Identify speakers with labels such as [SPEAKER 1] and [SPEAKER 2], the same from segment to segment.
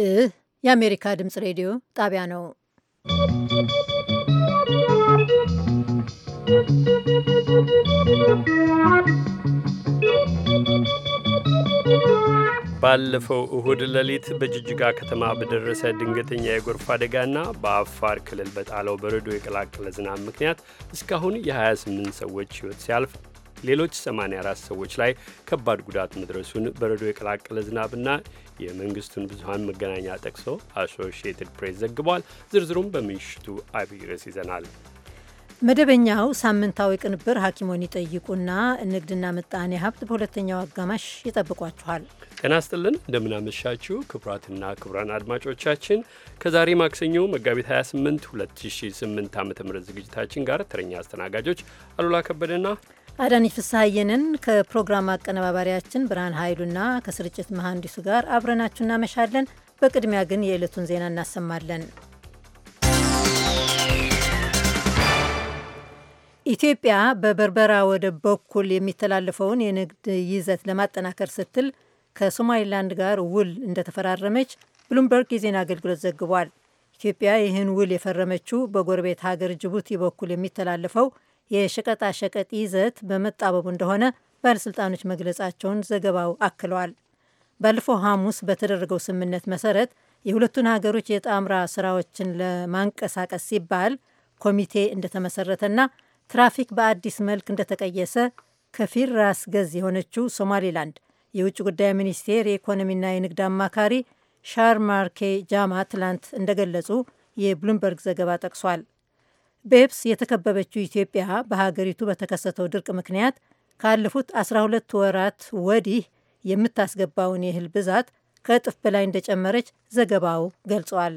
[SPEAKER 1] ይህ የአሜሪካ ድምፅ ሬዲዮ ጣቢያ ነው።
[SPEAKER 2] ባለፈው እሁድ ሌሊት በጅጅጋ ከተማ በደረሰ ድንገተኛ የጎርፍ አደጋና በአፋር ክልል በጣለው በረዶ የቀላቀለ ዝናብ ምክንያት እስካሁን የ28 ሰዎች ሕይወት ሲያልፍ ሌሎች 84 ሰዎች ላይ ከባድ ጉዳት መድረሱን በረዶ የቀላቀለ ዝናብና የመንግስቱን ብዙሀን መገናኛ ጠቅሶ አሶሺየትድ ፕሬስ ዘግቧል። ዝርዝሩም በምሽቱ አብይ ርዕስ ይዘናል።
[SPEAKER 1] መደበኛው ሳምንታዊ ቅንብር ሐኪሞን ይጠይቁና ንግድና ምጣኔ ሀብት በሁለተኛው አጋማሽ ይጠብቋችኋል።
[SPEAKER 2] ጤና ይስጥልን እንደምናመሻችሁ ክቡራትና ክቡራን አድማጮቻችን ከዛሬ ማክሰኞ መጋቢት 28 2008 ዓ ም ዝግጅታችን ጋር ተረኛ አስተናጋጆች አሉላ ከበደና
[SPEAKER 1] አዳኒ ፍስሐየንን ከፕሮግራም አቀነባባሪያችን ብርሃን ኃይሉና ከስርጭት መሐንዲሱ ጋር አብረናችሁ እናመሻለን። በቅድሚያ ግን የዕለቱን ዜና እናሰማለን። ኢትዮጵያ በበርበራ ወደብ በኩል የሚተላለፈውን የንግድ ይዘት ለማጠናከር ስትል ከሶማሊላንድ ጋር ውል እንደተፈራረመች ብሉምበርግ የዜና አገልግሎት ዘግቧል። ኢትዮጵያ ይህን ውል የፈረመችው በጎረቤት ሀገር ጅቡቲ በኩል የሚተላለፈው የሸቀጣሸቀጥ ይዘት በመጣበቡ እንደሆነ ባለሥልጣኖች መግለጻቸውን ዘገባው አክለዋል። ባለፈው ሐሙስ በተደረገው ስምምነት መሰረት የሁለቱን ሀገሮች የጣምራ ስራዎችን ለማንቀሳቀስ ሲባል ኮሚቴ እንደተመሰረተና ትራፊክ በአዲስ መልክ እንደተቀየሰ ከፊል ራስ ገዝ የሆነችው ሶማሌላንድ የውጭ ጉዳይ ሚኒስቴር የኢኮኖሚና የንግድ አማካሪ ሻርማርኬ ጃማ ትላንት እንደገለጹ የብሉምበርግ ዘገባ ጠቅሷል። በየብስ የተከበበችው ኢትዮጵያ በሀገሪቱ በተከሰተው ድርቅ ምክንያት ካለፉት 12 ወራት ወዲህ የምታስገባውን የእህል ብዛት ከእጥፍ በላይ እንደጨመረች ዘገባው ገልጿል።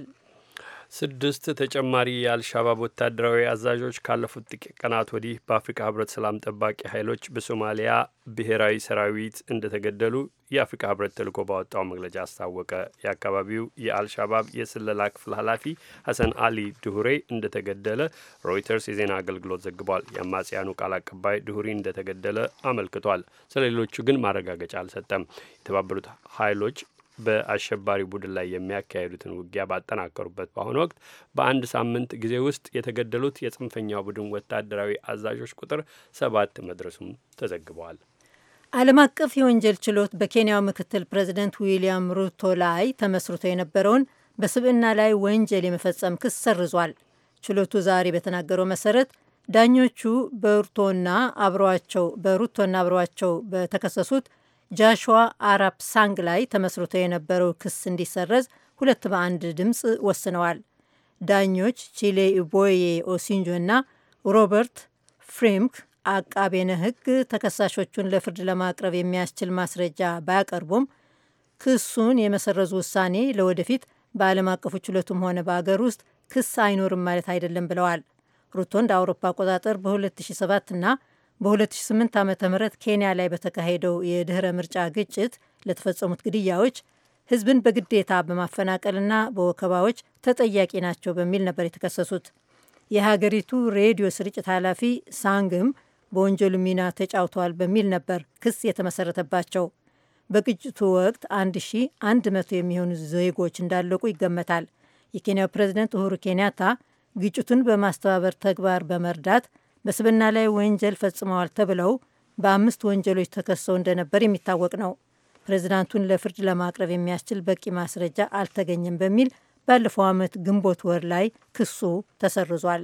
[SPEAKER 2] ስድስት ተጨማሪ የአልሻባብ ወታደራዊ አዛዦች ካለፉት ጥቂት ቀናት ወዲህ በአፍሪካ ህብረት ሰላም ጠባቂ ኃይሎች በሶማሊያ ብሔራዊ ሰራዊት እንደተገደሉ የአፍሪካ ህብረት ተልእኮ ባወጣው መግለጫ አስታወቀ። የአካባቢው የአልሻባብ የስለላ ክፍል ኃላፊ ሀሰን አሊ ድሁሬ እንደተገደለ ሮይተርስ የዜና አገልግሎት ዘግቧል። የአማጽያኑ ቃል አቀባይ ድሁሪ እንደተገደለ አመልክቷል። ስለሌሎቹ ግን ማረጋገጫ አልሰጠም። የተባበሩት ኃይሎች በአሸባሪ ቡድን ላይ የሚያካሄዱትን ውጊያ ባጠናከሩበት በአሁኑ ወቅት በአንድ ሳምንት ጊዜ ውስጥ የተገደሉት የጽንፈኛው ቡድን ወታደራዊ አዛዦች ቁጥር ሰባት መድረሱም ተዘግበዋል።
[SPEAKER 1] ዓለም አቀፍ የወንጀል ችሎት በኬንያው ምክትል ፕሬዚደንት ዊሊያም ሩቶ ላይ ተመስርቶ የነበረውን በስብዕና ላይ ወንጀል የመፈጸም ክስ ሰርዟል። ችሎቱ ዛሬ በተናገረው መሰረት ዳኞቹ በሩቶና አብረዋቸው በሩቶና አብረዋቸው በተከሰሱት ጃሽዋ አራፕ ሳንግ ላይ ተመስርቶ የነበረው ክስ እንዲሰረዝ ሁለት በአንድ ድምፅ ወስነዋል። ዳኞች ቺሌ ኢቦዬ ኦሲንጆ እና ሮበርት ፍሬምክ አቃቤነ ሕግ ተከሳሾቹን ለፍርድ ለማቅረብ የሚያስችል ማስረጃ ባያቀርቡም ክሱን የመሰረዙ ውሳኔ ለወደፊት በዓለም አቀፉ ችሎቱም ሆነ በአገር ውስጥ ክስ አይኖርም ማለት አይደለም ብለዋል። ሩቶ እንደ አውሮፓ አቆጣጠር በ2007 እና በ2008 ዓ ም ኬንያ ላይ በተካሄደው የድህረ ምርጫ ግጭት ለተፈጸሙት ግድያዎች ህዝብን በግዴታ በማፈናቀልና በወከባዎች ተጠያቂ ናቸው በሚል ነበር የተከሰሱት። የሀገሪቱ ሬዲዮ ስርጭት ኃላፊ ሳንግም በወንጀሉ ሚና ተጫውተዋል በሚል ነበር ክስ የተመሰረተባቸው። በግጭቱ ወቅት 1100 የሚሆኑ ዜጎች እንዳለቁ ይገመታል። የኬንያው ፕሬዝደንት ኡሁሩ ኬንያታ ግጭቱን በማስተባበር ተግባር በመርዳት በስብና ላይ ወንጀል ፈጽመዋል ተብለው በአምስት ወንጀሎች ተከሰው እንደነበር የሚታወቅ ነው። ፕሬዚዳንቱን ለፍርድ ለማቅረብ የሚያስችል በቂ ማስረጃ አልተገኘም በሚል ባለፈው ዓመት ግንቦት ወር ላይ ክሱ ተሰርዟል።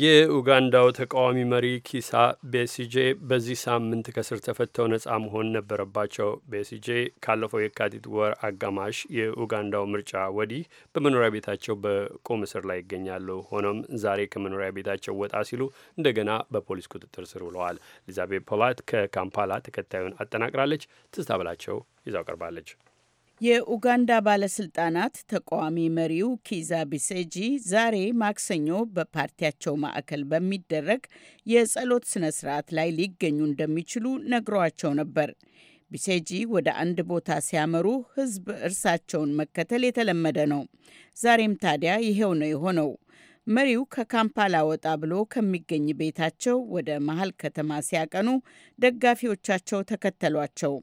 [SPEAKER 2] የኡጋንዳው ተቃዋሚ መሪ ኪሳ ቤሲጄ በዚህ ሳምንት ከስር ተፈተው ነጻ መሆን ነበረባቸው። ቤሲጄ ካለፈው የካቲት ወር አጋማሽ የኡጋንዳው ምርጫ ወዲህ በመኖሪያ ቤታቸው በቁም እስር ላይ ይገኛሉ። ሆኖም ዛሬ ከመኖሪያ ቤታቸው ወጣ ሲሉ እንደገና በፖሊስ ቁጥጥር ስር ውለዋል። ኤሊዛቤት ፖላት ከካምፓላ ተከታዩን አጠናቅራለች። ትስታ ብላቸው ይዛው ቀርባለች።
[SPEAKER 3] የኡጋንዳ ባለስልጣናት ተቃዋሚ መሪው ኪዛ ቢሴጂ ዛሬ ማክሰኞ በፓርቲያቸው ማዕከል በሚደረግ የጸሎት ስነ ስርዓት ላይ ሊገኙ እንደሚችሉ ነግሯቸው ነበር። ቢሴጂ ወደ አንድ ቦታ ሲያመሩ ህዝብ እርሳቸውን መከተል የተለመደ ነው። ዛሬም ታዲያ ይሄው ነው የሆነው። መሪው ከካምፓላ ወጣ ብሎ ከሚገኝ ቤታቸው ወደ መሀል ከተማ ሲያቀኑ ደጋፊዎቻቸው ተከተሏቸው።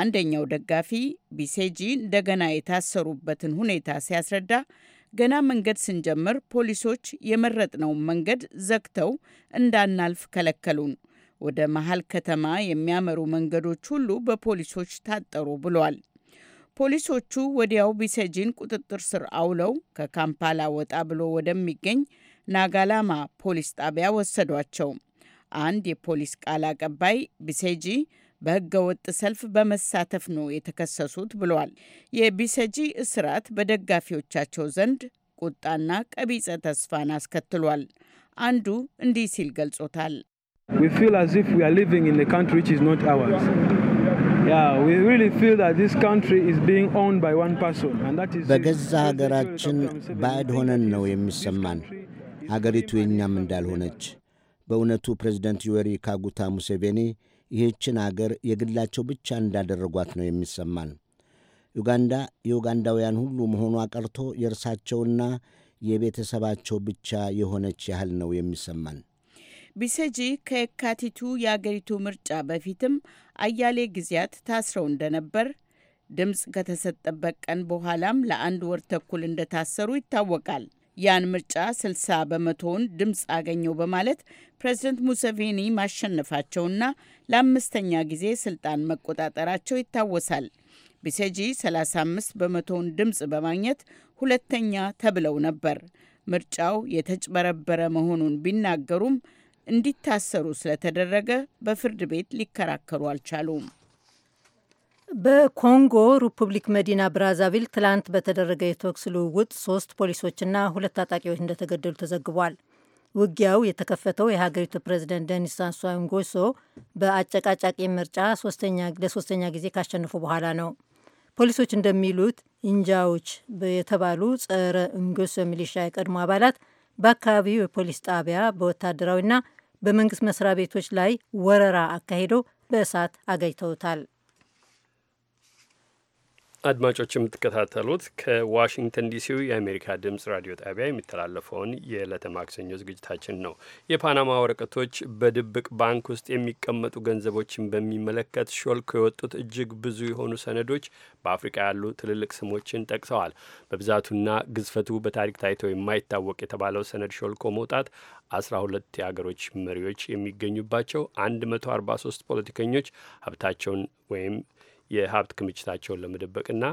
[SPEAKER 3] አንደኛው ደጋፊ ቢሴጂ እንደገና የታሰሩበትን ሁኔታ ሲያስረዳ ገና መንገድ ስንጀምር ፖሊሶች የመረጥነውን መንገድ ዘግተው እንዳናልፍ ከለከሉን። ወደ መሀል ከተማ የሚያመሩ መንገዶች ሁሉ በፖሊሶች ታጠሩ ብሏል። ፖሊሶቹ ወዲያው ቢሴጂን ቁጥጥር ስር አውለው ከካምፓላ ወጣ ብሎ ወደሚገኝ ናጋላማ ፖሊስ ጣቢያ ወሰዷቸው። አንድ የፖሊስ ቃል አቀባይ ቢሴጂ በህገ ወጥ ሰልፍ በመሳተፍ ነው የተከሰሱት ብለዋል። የቢሰጂ እስራት በደጋፊዎቻቸው ዘንድ ቁጣና ቀቢጸ ተስፋን አስከትሏል። አንዱ እንዲህ ሲል ገልጾታል።
[SPEAKER 4] በገዛ ሀገራችን ባዕድ ሆነን ነው የሚሰማን፣ ሀገሪቱ የእኛም እንዳልሆነች። በእውነቱ ፕሬዚደንት ዩዌሪ ካጉታ ሙሴቬኒ ይህችን አገር የግላቸው ብቻ እንዳደረጓት ነው የሚሰማን። ዩጋንዳ የዩጋንዳውያን ሁሉ መሆኗ ቀርቶ የእርሳቸውና የቤተሰባቸው ብቻ የሆነች ያህል ነው የሚሰማን።
[SPEAKER 3] ቢሰጂ ከየካቲቱ የአገሪቱ ምርጫ በፊትም አያሌ ጊዜያት ታስረው እንደነበር ድምፅ ከተሰጠበት ቀን በኋላም ለአንድ ወር ተኩል እንደታሰሩ ይታወቃል። ያን ምርጫ 60 በመቶውን ድምፅ አገኘው በማለት ፕሬዝደንት ሙሰቬኒ ማሸነፋቸውና ለአምስተኛ ጊዜ ስልጣን መቆጣጠራቸው ይታወሳል። ቢሴጂ 35 በመቶውን ድምፅ በማግኘት ሁለተኛ ተብለው ነበር። ምርጫው የተጭበረበረ መሆኑን ቢናገሩም እንዲታሰሩ ስለተደረገ በፍርድ ቤት ሊከራከሩ አልቻሉም።
[SPEAKER 1] በኮንጎ ሪፑብሊክ መዲና ብራዛቪል ትላንት በተደረገ የተኩስ ልውውጥ ሶስት ፖሊሶችና ሁለት ታጣቂዎች እንደተገደሉ ተዘግቧል። ውጊያው የተከፈተው የሀገሪቱ ፕሬዚደንት ደኒስ ሳንሱን ጎሶ በአጨቃጫቂ ምርጫ ለሶስተኛ ጊዜ ካሸነፉ በኋላ ነው። ፖሊሶች እንደሚሉት እንጃዎች የተባሉ ጸረ እንጎሶ ሚሊሻ የቀድሞ አባላት በአካባቢው የፖሊስ ጣቢያ በወታደራዊና በመንግስት መስሪያ ቤቶች ላይ ወረራ አካሂደው በእሳት አገኝተውታል።
[SPEAKER 2] አድማጮች የምትከታተሉት ከዋሽንግተን ዲሲው የአሜሪካ ድምጽ ራዲዮ ጣቢያ የሚተላለፈውን የዕለተ ማክሰኞ ዝግጅታችን ነው። የፓናማ ወረቀቶች በድብቅ ባንክ ውስጥ የሚቀመጡ ገንዘቦችን በሚመለከት ሾልኮ የወጡት እጅግ ብዙ የሆኑ ሰነዶች በአፍሪቃ ያሉ ትልልቅ ስሞችን ጠቅሰዋል። በብዛቱና ግዝፈቱ በታሪክ ታይቶ የማይታወቅ የተባለው ሰነድ ሾልኮ መውጣት አስራ ሁለት የአገሮች መሪዎች የሚገኙባቸው 143 ፖለቲከኞች ሀብታቸውን ወይም የሀብት ክምችታቸውን ለመደበቅና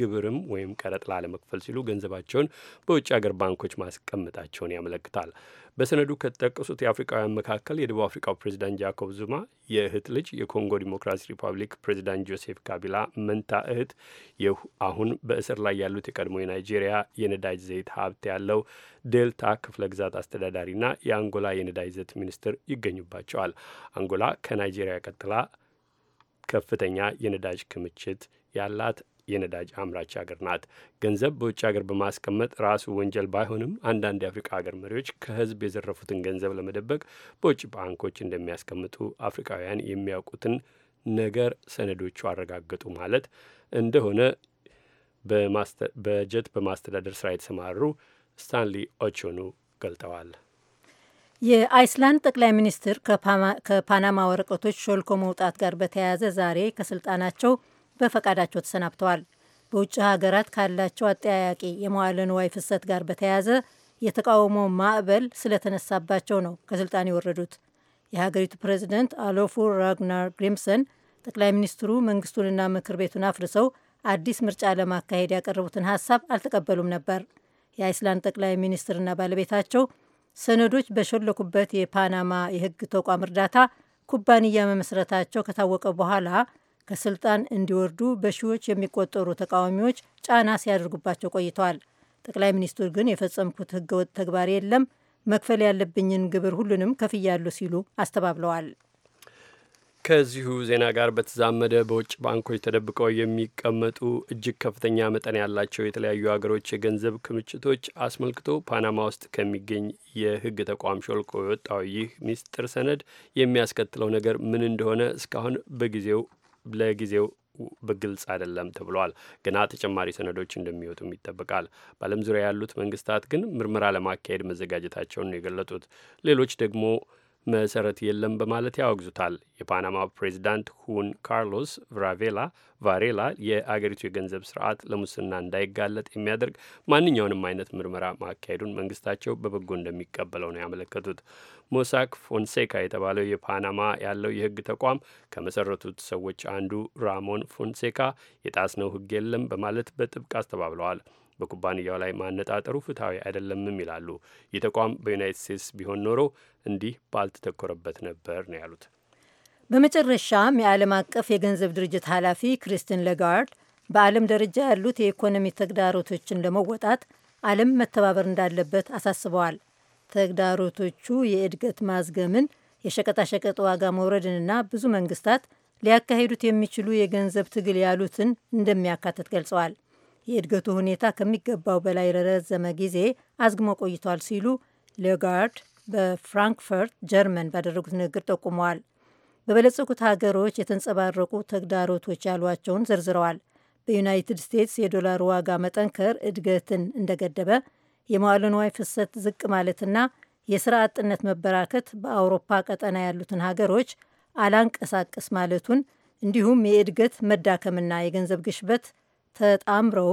[SPEAKER 2] ግብርም ወይም ቀረጥ ላለመክፈል ሲሉ ገንዘባቸውን በውጭ አገር ባንኮች ማስቀመጣቸውን ያመለክታል። በሰነዱ ከተጠቀሱት የአፍሪካውያን መካከል የደቡብ አፍሪካው ፕሬዚዳንት ጃኮብ ዙማ የእህት ልጅ፣ የኮንጎ ዲሞክራሲ ሪፐብሊክ ፕሬዚዳንት ጆሴፍ ካቢላ መንታ እህት፣ አሁን በእስር ላይ ያሉት የቀድሞ የናይጄሪያ የነዳጅ ዘይት ሀብት ያለው ዴልታ ክፍለ ግዛት አስተዳዳሪና የአንጎላ የነዳጅ ዘይት ሚኒስትር ይገኙባቸዋል። አንጎላ ከናይጄሪያ ቀጥላ ከፍተኛ የነዳጅ ክምችት ያላት የነዳጅ አምራች ሀገር ናት። ገንዘብ በውጭ ሀገር በማስቀመጥ ራሱ ወንጀል ባይሆንም አንዳንድ የአፍሪካ ሀገር መሪዎች ከህዝብ የዘረፉትን ገንዘብ ለመደበቅ በውጭ ባንኮች እንደሚያስቀምጡ አፍሪካውያን የሚያውቁትን ነገር ሰነዶቹ አረጋገጡ ማለት እንደሆነ በጀት በማስተዳደር ስራ የተሰማሩ ስታንሊ ኦቾኑ ገልጠዋል።
[SPEAKER 1] የአይስላንድ ጠቅላይ ሚኒስትር ከፓናማ ወረቀቶች ሾልኮ መውጣት ጋር በተያያዘ ዛሬ ከስልጣናቸው በፈቃዳቸው ተሰናብተዋል። በውጭ ሀገራት ካላቸው አጠያያቂ የመዋለ ንዋይ ፍሰት ጋር በተያያዘ የተቃውሞ ማዕበል ስለተነሳባቸው ነው ከስልጣን የወረዱት። የሀገሪቱ ፕሬዚደንት አሎፉ ራግናር ግሪምሰን ጠቅላይ ሚኒስትሩ መንግስቱንና ምክር ቤቱን አፍርሰው አዲስ ምርጫ ለማካሄድ ያቀረቡትን ሀሳብ አልተቀበሉም ነበር። የአይስላንድ ጠቅላይ ሚኒስትርና ባለቤታቸው ሰነዶች በሸለኩበት የፓናማ የህግ ተቋም እርዳታ ኩባንያ መመስረታቸው ከታወቀ በኋላ ከስልጣን እንዲወርዱ በሺዎች የሚቆጠሩ ተቃዋሚዎች ጫና ሲያደርጉባቸው ቆይተዋል። ጠቅላይ ሚኒስትሩ ግን የፈጸምኩት ህገወጥ ተግባር የለም፣ መክፈል ያለብኝን ግብር ሁሉንም ከፍያለሁ ሲሉ አስተባብለዋል።
[SPEAKER 2] ከዚሁ ዜና ጋር በተዛመደ በውጭ ባንኮች ተደብቀው የሚቀመጡ እጅግ ከፍተኛ መጠን ያላቸው የተለያዩ ሀገሮች የገንዘብ ክምችቶች አስመልክቶ ፓናማ ውስጥ ከሚገኝ የሕግ ተቋም ሾልቆ የወጣው ይህ ሚስጥር ሰነድ የሚያስከትለው ነገር ምን እንደሆነ እስካሁን በጊዜው ለጊዜው በግልጽ አይደለም ተብሏል። ገና ተጨማሪ ሰነዶች እንደሚወጡም ይጠበቃል። በዓለም ዙሪያ ያሉት መንግስታት ግን ምርመራ ለማካሄድ መዘጋጀታቸውን ነው የገለጡት። ሌሎች ደግሞ መሰረት የለም በማለት ያወግዙታል። የፓናማ ፕሬዚዳንት ሁን ካርሎስ ቫራቬላ ቫሬላ የአገሪቱ የገንዘብ ስርዓት ለሙስና እንዳይጋለጥ የሚያደርግ ማንኛውንም አይነት ምርመራ ማካሄዱን መንግስታቸው በበጎ እንደሚቀበለው ነው ያመለከቱት። ሞሳክ ፎንሴካ የተባለው የፓናማ ያለው የህግ ተቋም ከመሰረቱት ሰዎች አንዱ ራሞን ፎንሴካ የጣስነው ህግ የለም በማለት በጥብቅ አስተባብለዋል። በኩባንያው ላይ ማነጣጠሩ ፍትሐዊ አይደለምም ይላሉ። ይህ ተቋም በዩናይትድ ስቴትስ ቢሆን ኖሮ እንዲህ ባልተተኮረበት ነበር ነው ያሉት።
[SPEAKER 1] በመጨረሻም የዓለም አቀፍ የገንዘብ ድርጅት ኃላፊ ክሪስቲን ለጋርድ በዓለም ደረጃ ያሉት የኢኮኖሚ ተግዳሮቶችን ለመወጣት ዓለም መተባበር እንዳለበት አሳስበዋል። ተግዳሮቶቹ የእድገት ማዝገምን፣ የሸቀጣሸቀጥ ዋጋ መውረድንና ብዙ መንግስታት ሊያካሂዱት የሚችሉ የገንዘብ ትግል ያሉትን እንደሚያካትት ገልጸዋል። የእድገቱ ሁኔታ ከሚገባው በላይ ረዘመ ጊዜ አዝግሞ ቆይቷል ሲሉ ሌጋርድ በፍራንክፈርት ጀርመን ባደረጉት ንግግር ጠቁመዋል። በበለጸጉት ሀገሮች የተንጸባረቁ ተግዳሮቶች ያሏቸውን ዘርዝረዋል። በዩናይትድ ስቴትስ የዶላር ዋጋ መጠንከር እድገትን እንደገደበ፣ የመዋለ ንዋይ ፍሰት ዝቅ ማለትና የስራ አጥነት መበራከት በአውሮፓ ቀጠና ያሉትን ሀገሮች አላንቀሳቅስ ማለቱን እንዲሁም የእድገት መዳከምና የገንዘብ ግሽበት ተጣምረው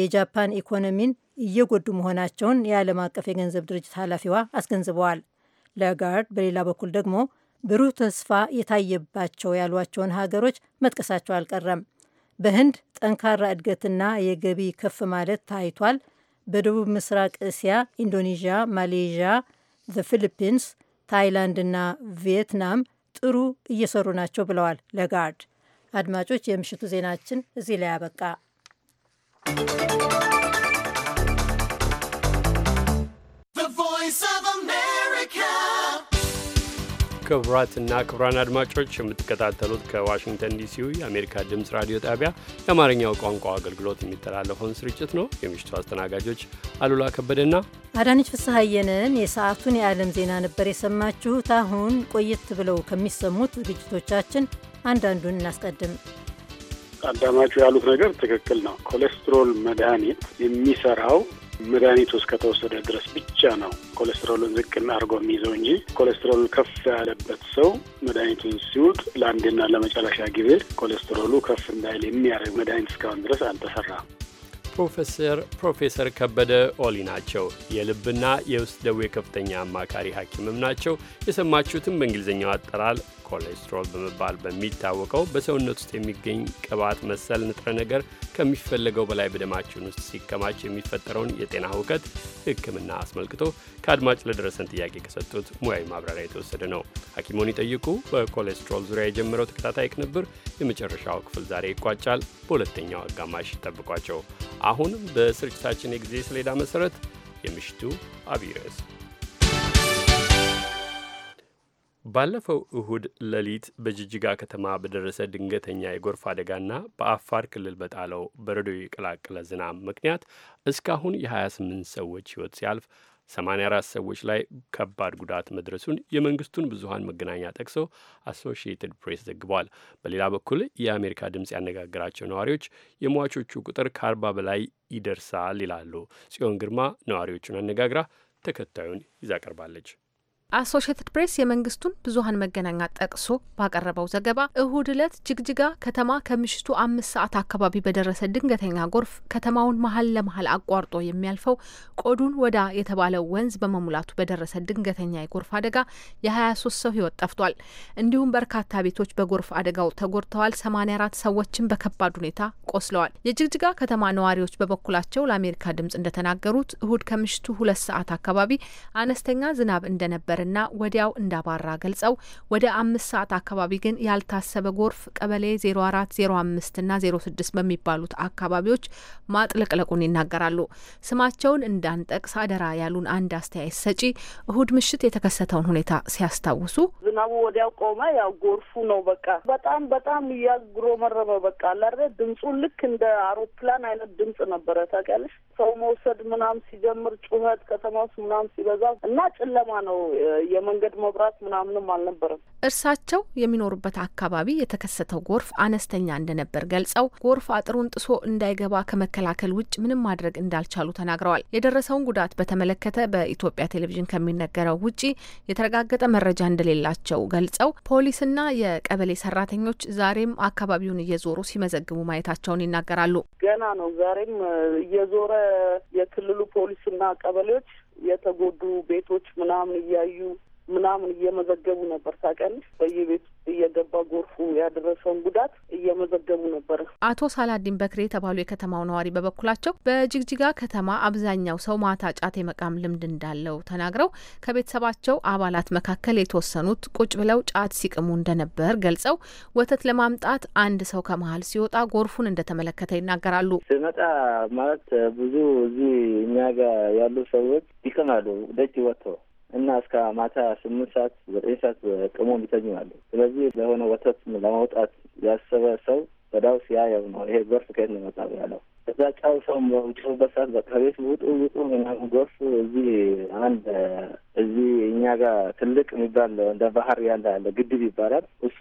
[SPEAKER 1] የጃፓን ኢኮኖሚን እየጎዱ መሆናቸውን የዓለም አቀፍ የገንዘብ ድርጅት ኃላፊዋ አስገንዝበዋል። ለጋርድ በሌላ በኩል ደግሞ ብሩህ ተስፋ የታየባቸው ያሏቸውን ሀገሮች መጥቀሳቸው አልቀረም። በህንድ ጠንካራ እድገትና የገቢ ከፍ ማለት ታይቷል። በደቡብ ምስራቅ እስያ ኢንዶኔዥያ፣ ማሌዥያ፣ ፊሊፒንስ፣ ታይላንድና ቪየትናም ጥሩ እየሰሩ ናቸው ብለዋል ለጋርድ። አድማጮች፣ የምሽቱ ዜናችን እዚህ ላይ አበቃ።
[SPEAKER 2] ክቡራትና ክቡራን አድማጮች የምትከታተሉት ከዋሽንግተን ዲሲው የአሜሪካ ድምፅ ራዲዮ ጣቢያ የአማርኛው ቋንቋ አገልግሎት የሚተላለፈውን ስርጭት ነው። የምሽቱ አስተናጋጆች አሉላ ከበደና
[SPEAKER 1] አዳነች ፍስሐየንን። የሰዓቱን የዓለም ዜና ነበር የሰማችሁት። አሁን ቆየት ብለው ከሚሰሙት ዝግጅቶቻችን አንዳንዱን እናስቀድም።
[SPEAKER 5] አዳማጩ ያሉት ነገር ትክክል ነው። ኮሌስትሮል መድኃኒት የሚሰራው መድኃኒቱ እስከተወሰደ ድረስ ብቻ ነው ኮሌስትሮልን ዝቅ አድርጎ የሚይዘው እንጂ ኮሌስትሮል ከፍ ያለበት ሰው መድኃኒቱን ሲውጥ ለአንዴና ለመጨረሻ ጊዜ ኮሌስትሮሉ ከፍ እንዳይል የሚያደርግ መድኃኒት እስካሁን ድረስ አልተሰራም።
[SPEAKER 2] ፕሮፌሰር ፕሮፌሰር ከበደ ኦሊ ናቸው። የልብና የውስጥ ደዌ ከፍተኛ አማካሪ ሐኪምም ናቸው። የሰማችሁትም በእንግሊዝኛው አጠራል ኮሌስትሮል በመባል በሚታወቀው በሰውነት ውስጥ የሚገኝ ቅባት መሰል ንጥረ ነገር ከሚፈለገው በላይ በደማችን ውስጥ ሲከማች የሚፈጠረውን የጤና ሁከት ሕክምና አስመልክቶ ከአድማጭ ለደረሰን ጥያቄ ከሰጡት ሙያዊ ማብራሪያ የተወሰደ ነው። ሐኪሞን ይጠይቁ በኮሌስትሮል ዙሪያ የጀመረው ተከታታይ ቅንብር የመጨረሻው ክፍል ዛሬ ይቋጫል። በሁለተኛው አጋማሽ ይጠብቋቸው። አሁን በስርጭታችን የጊዜ ሰሌዳ መሠረት የምሽቱ አብይ ርዕስ ባለፈው እሁድ ሌሊት በጅጅጋ ከተማ በደረሰ ድንገተኛ የጎርፍ አደጋና በአፋር ክልል በጣለው በረዶ የቀላቀለ ዝናብ ምክንያት እስካሁን የ28 ሰዎች ሕይወት ሲያልፍ 84 ሰዎች ላይ ከባድ ጉዳት መድረሱን የመንግስቱን ብዙሀን መገናኛ ጠቅሶ አሶሺየትድ ፕሬስ ዘግቧል። በሌላ በኩል የአሜሪካ ድምፅ ያነጋገራቸው ነዋሪዎች የሟቾቹ ቁጥር ከ በላይ ይደርሳል ይላሉ። ጽዮን ግርማ ነዋሪዎቹን አነጋግራ ተከታዩን ይዛ ቀርባለች።
[SPEAKER 6] አሶሽትድ ፕሬስ የመንግስቱን ብዙሀን መገናኛ ጠቅሶ ባቀረበው ዘገባ እሁድ ዕለት ጅግጅጋ ከተማ ከምሽቱ አምስት ሰዓት አካባቢ በደረሰ ድንገተኛ ጎርፍ ከተማውን መሀል ለመሀል አቋርጦ የሚያልፈው ቆዱን ወዳ የተባለው ወንዝ በመሙላቱ በደረሰ ድንገተኛ የጎርፍ አደጋ የ23 ሰው ህይወት ጠፍቷል። እንዲሁም በርካታ ቤቶች በጎርፍ አደጋው ተጎድተዋል። 84 ሰዎችን በከባድ ሁኔታ ቆስለዋል። የጅግጅጋ ከተማ ነዋሪዎች በበኩላቸው ለአሜሪካ ድምጽ እንደተናገሩት እሁድ ከምሽቱ ሁለት ሰዓት አካባቢ አነስተኛ ዝናብ እንደነበር እንደነበርና ወዲያው እንዳባራ ገልጸው ወደ አምስት ሰዓት አካባቢ ግን ያልታሰበ ጎርፍ ቀበሌ ዜሮ አራት ዜሮ አምስት ና ዜሮ ስድስት በሚባሉት አካባቢዎች ማጥለቅለቁን ይናገራሉ። ስማቸውን እንዳንጠቅስ አደራ ያሉን አንድ አስተያየት ሰጪ እሁድ ምሽት የተከሰተውን ሁኔታ ሲያስታውሱ
[SPEAKER 7] ዝናቡ ወዲያው ቆመ። ያው ጎርፉ ነው በቃ በጣም በጣም እያጉረመረመ በቃ አላረ ድምፁ ልክ እንደ አውሮፕላን አይነት ድምጽ ነበረ ታውቂያለሽ። ሰው መውሰድ ምናም ሲጀምር ጩኸት ከተማ ውስጥ ምናም ሲበዛ እና ጨለማ ነው የመንገድ መብራት ምናምንም አልነበረም።
[SPEAKER 6] እርሳቸው የሚኖሩበት አካባቢ የተከሰተው ጎርፍ አነስተኛ እንደነበር ገልጸው ጎርፍ አጥሩን ጥሶ እንዳይገባ ከመከላከል ውጭ ምንም ማድረግ እንዳልቻሉ ተናግረዋል። የደረሰውን ጉዳት በተመለከተ በኢትዮጵያ ቴሌቪዥን ከሚነገረው ውጪ የተረጋገጠ መረጃ እንደሌላቸው ገልጸው ፖሊስና የቀበሌ ሰራተኞች ዛሬም አካባቢውን እየዞሩ ሲመዘግቡ ማየታቸውን ይናገራሉ።
[SPEAKER 7] ገና ነው። ዛሬም እየዞረ የክልሉ ፖሊስና ቀበሌዎች የተጎዱ ቤቶች ምናምን እያዩ ምናምን እየመዘገቡ ነበር ሳቀንስ በየቤቱ እየገባ ጎርፉ ያደረሰውን ጉዳት እየመዘገቡ ነበር።
[SPEAKER 6] አቶ ሳላዲን በክሬ የተባሉ የከተማው ነዋሪ በበኩላቸው በጅግጅጋ ከተማ አብዛኛው ሰው ማታ ጫት የመቃም ልምድ እንዳለው ተናግረው ከቤተሰባቸው አባላት መካከል የተወሰኑት ቁጭ ብለው ጫት ሲቅሙ እንደነበር ገልጸው ወተት ለማምጣት አንድ ሰው ከመሀል ሲወጣ ጎርፉን እንደተመለከተ ይናገራሉ።
[SPEAKER 7] ስመጣ ማለት ብዙ እዚህ እኛ ጋር ያሉ ሰዎች ይቅማሉ ደጅ ወጥተው እና እስከ ማታ ስምንት ሰዓት ዘጠኝ ሰዓት ቅሞ የሚተኙ አሉ። ስለዚህ ለሆነ ወተት ለማውጣት ያሰበ ሰው በዳው ሲያየው ነው ይሄ ጎርፍ ከየት ነው የመጣው ያለው እዛ ጫው ሰው በሚጮህበት ሰዓት በቃ ቤት ውጡ ውጡ ምናምን ጎርፍ እዚህ አንድ እዚህ እኛ ጋር ትልቅ የሚባል እንደ ባህር ያለ ያለ ግድብ ይባላል። እሱ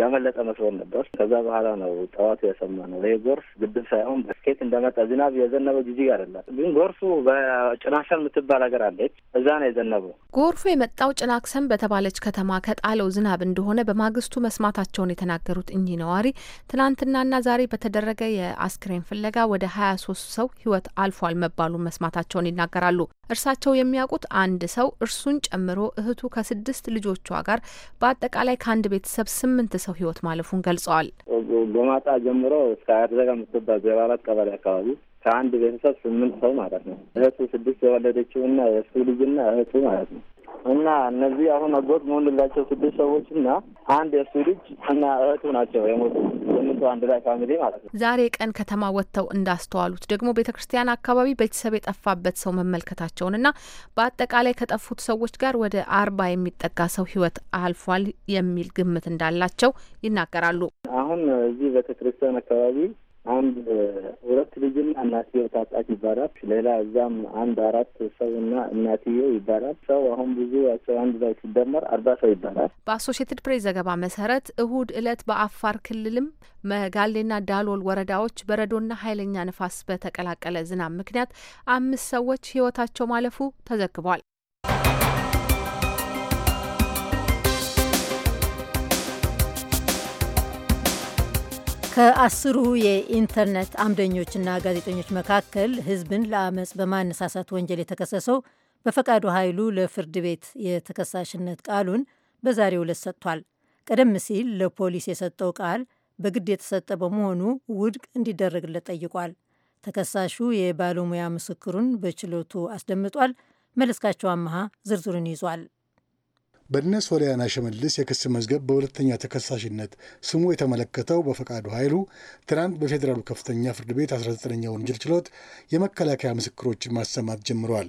[SPEAKER 7] ያመለጠ መስሎን ነበር። ከዛ በኋላ ነው ጠዋቱ የሰማነው ይሄ ጎርፍ ግድብ ሳይሆን ስኬት እንደመጣ ዝናብ የዘነበው ጊዜ አይደለም፣ ግን ጎርፉ በጭናክሰን የምትባል ሀገር አለች፣ እዛ ነው የዘነበው።
[SPEAKER 6] ጎርፉ የመጣው ጭናክሰን በተባለች ከተማ ከጣለው ዝናብ እንደሆነ በማግስቱ መስማታቸውን የተናገሩት እኚህ ነዋሪ ትናንትናና ዛሬ በተደረገ የአስክሬን ፍለጋ ወደ ወደ 23 ሰው ህይወት አልፏል መባሉ መስማታቸውን ይናገራሉ። እርሳቸው የሚያውቁት አንድ ሰው እርሱን ጨምሮ እህቱ ከስድስት ልጆቿ ጋር በአጠቃላይ ከአንድ ቤተሰብ ስምንት ሰው ህይወት ማለፉን ገልጸዋል።
[SPEAKER 7] በማጣ ጀምሮ እስከ አያርዘጋ የምትባል ዜሮ አራት ቀበሌ አካባቢ ከአንድ ቤተሰብ ስምንት ሰው ማለት ነው። እህቱ ስድስት የወለደችውና የእሱ ልጅና እህቱ ማለት ነው። እና እነዚህ አሁን አጎት መሆንላቸው ስድስት ሰዎች እና አንድ የእሱ ልጅ እና እህቱ ናቸው የሞቱ ስምንቱ አንድ ላይ ፋሚሊ
[SPEAKER 6] ማለት ነው። ዛሬ ቀን ከተማ ወጥተው እንዳስተዋሉት ደግሞ ቤተ ክርስቲያን አካባቢ ቤተሰብ የጠፋበት ሰው መመልከታቸውን እና በአጠቃላይ ከጠፉት ሰዎች ጋር ወደ አርባ የሚጠጋ ሰው ህይወት አልፏል የሚል ግምት እንዳላቸው ይናገራሉ።
[SPEAKER 7] አሁን እዚህ ቤተ ክርስቲያን አካባቢ አንድ ሁለት ልጅና እናትየው ታጣች ይባላል። ሌላ እዛም አንድ አራት ሰው እና እናትየው ይባላል። ሰው አሁን ብዙ ሰው አንድ ላይ ሲደመር አርባ ሰው ይባላል።
[SPEAKER 6] በአሶሽትድ ፕሬስ ዘገባ መሰረት እሁድ እለት በአፋር ክልልም መጋሌና ዳሎል ወረዳዎች በረዶና ኃይለኛ ንፋስ በተቀላቀለ ዝናብ ምክንያት አምስት ሰዎች ህይወታቸው ማለፉ ተዘግቧል።
[SPEAKER 1] ከአስሩ የኢንተርኔት አምደኞችና ጋዜጠኞች መካከል ህዝብን ለአመፅ በማነሳሳት ወንጀል የተከሰሰው በፈቃዱ ኃይሉ ለፍርድ ቤት የተከሳሽነት ቃሉን በዛሬው ዕለት ሰጥቷል። ቀደም ሲል ለፖሊስ የሰጠው ቃል በግድ የተሰጠ በመሆኑ ውድቅ እንዲደረግለት ጠይቋል። ተከሳሹ የባለሙያ ምስክሩን በችሎቱ አስደምጧል። መለስካቸው አመሃ ዝርዝሩን ይዟል።
[SPEAKER 8] በነ ሶሊያና ሽመልስ የክስ መዝገብ በሁለተኛ ተከሳሽነት ስሙ የተመለከተው በፈቃዱ ኃይሉ ትናንት በፌዴራሉ ከፍተኛ ፍርድ ቤት 19ኛ ወንጀል ችሎት የመከላከያ ምስክሮችን ማሰማት ጀምረዋል።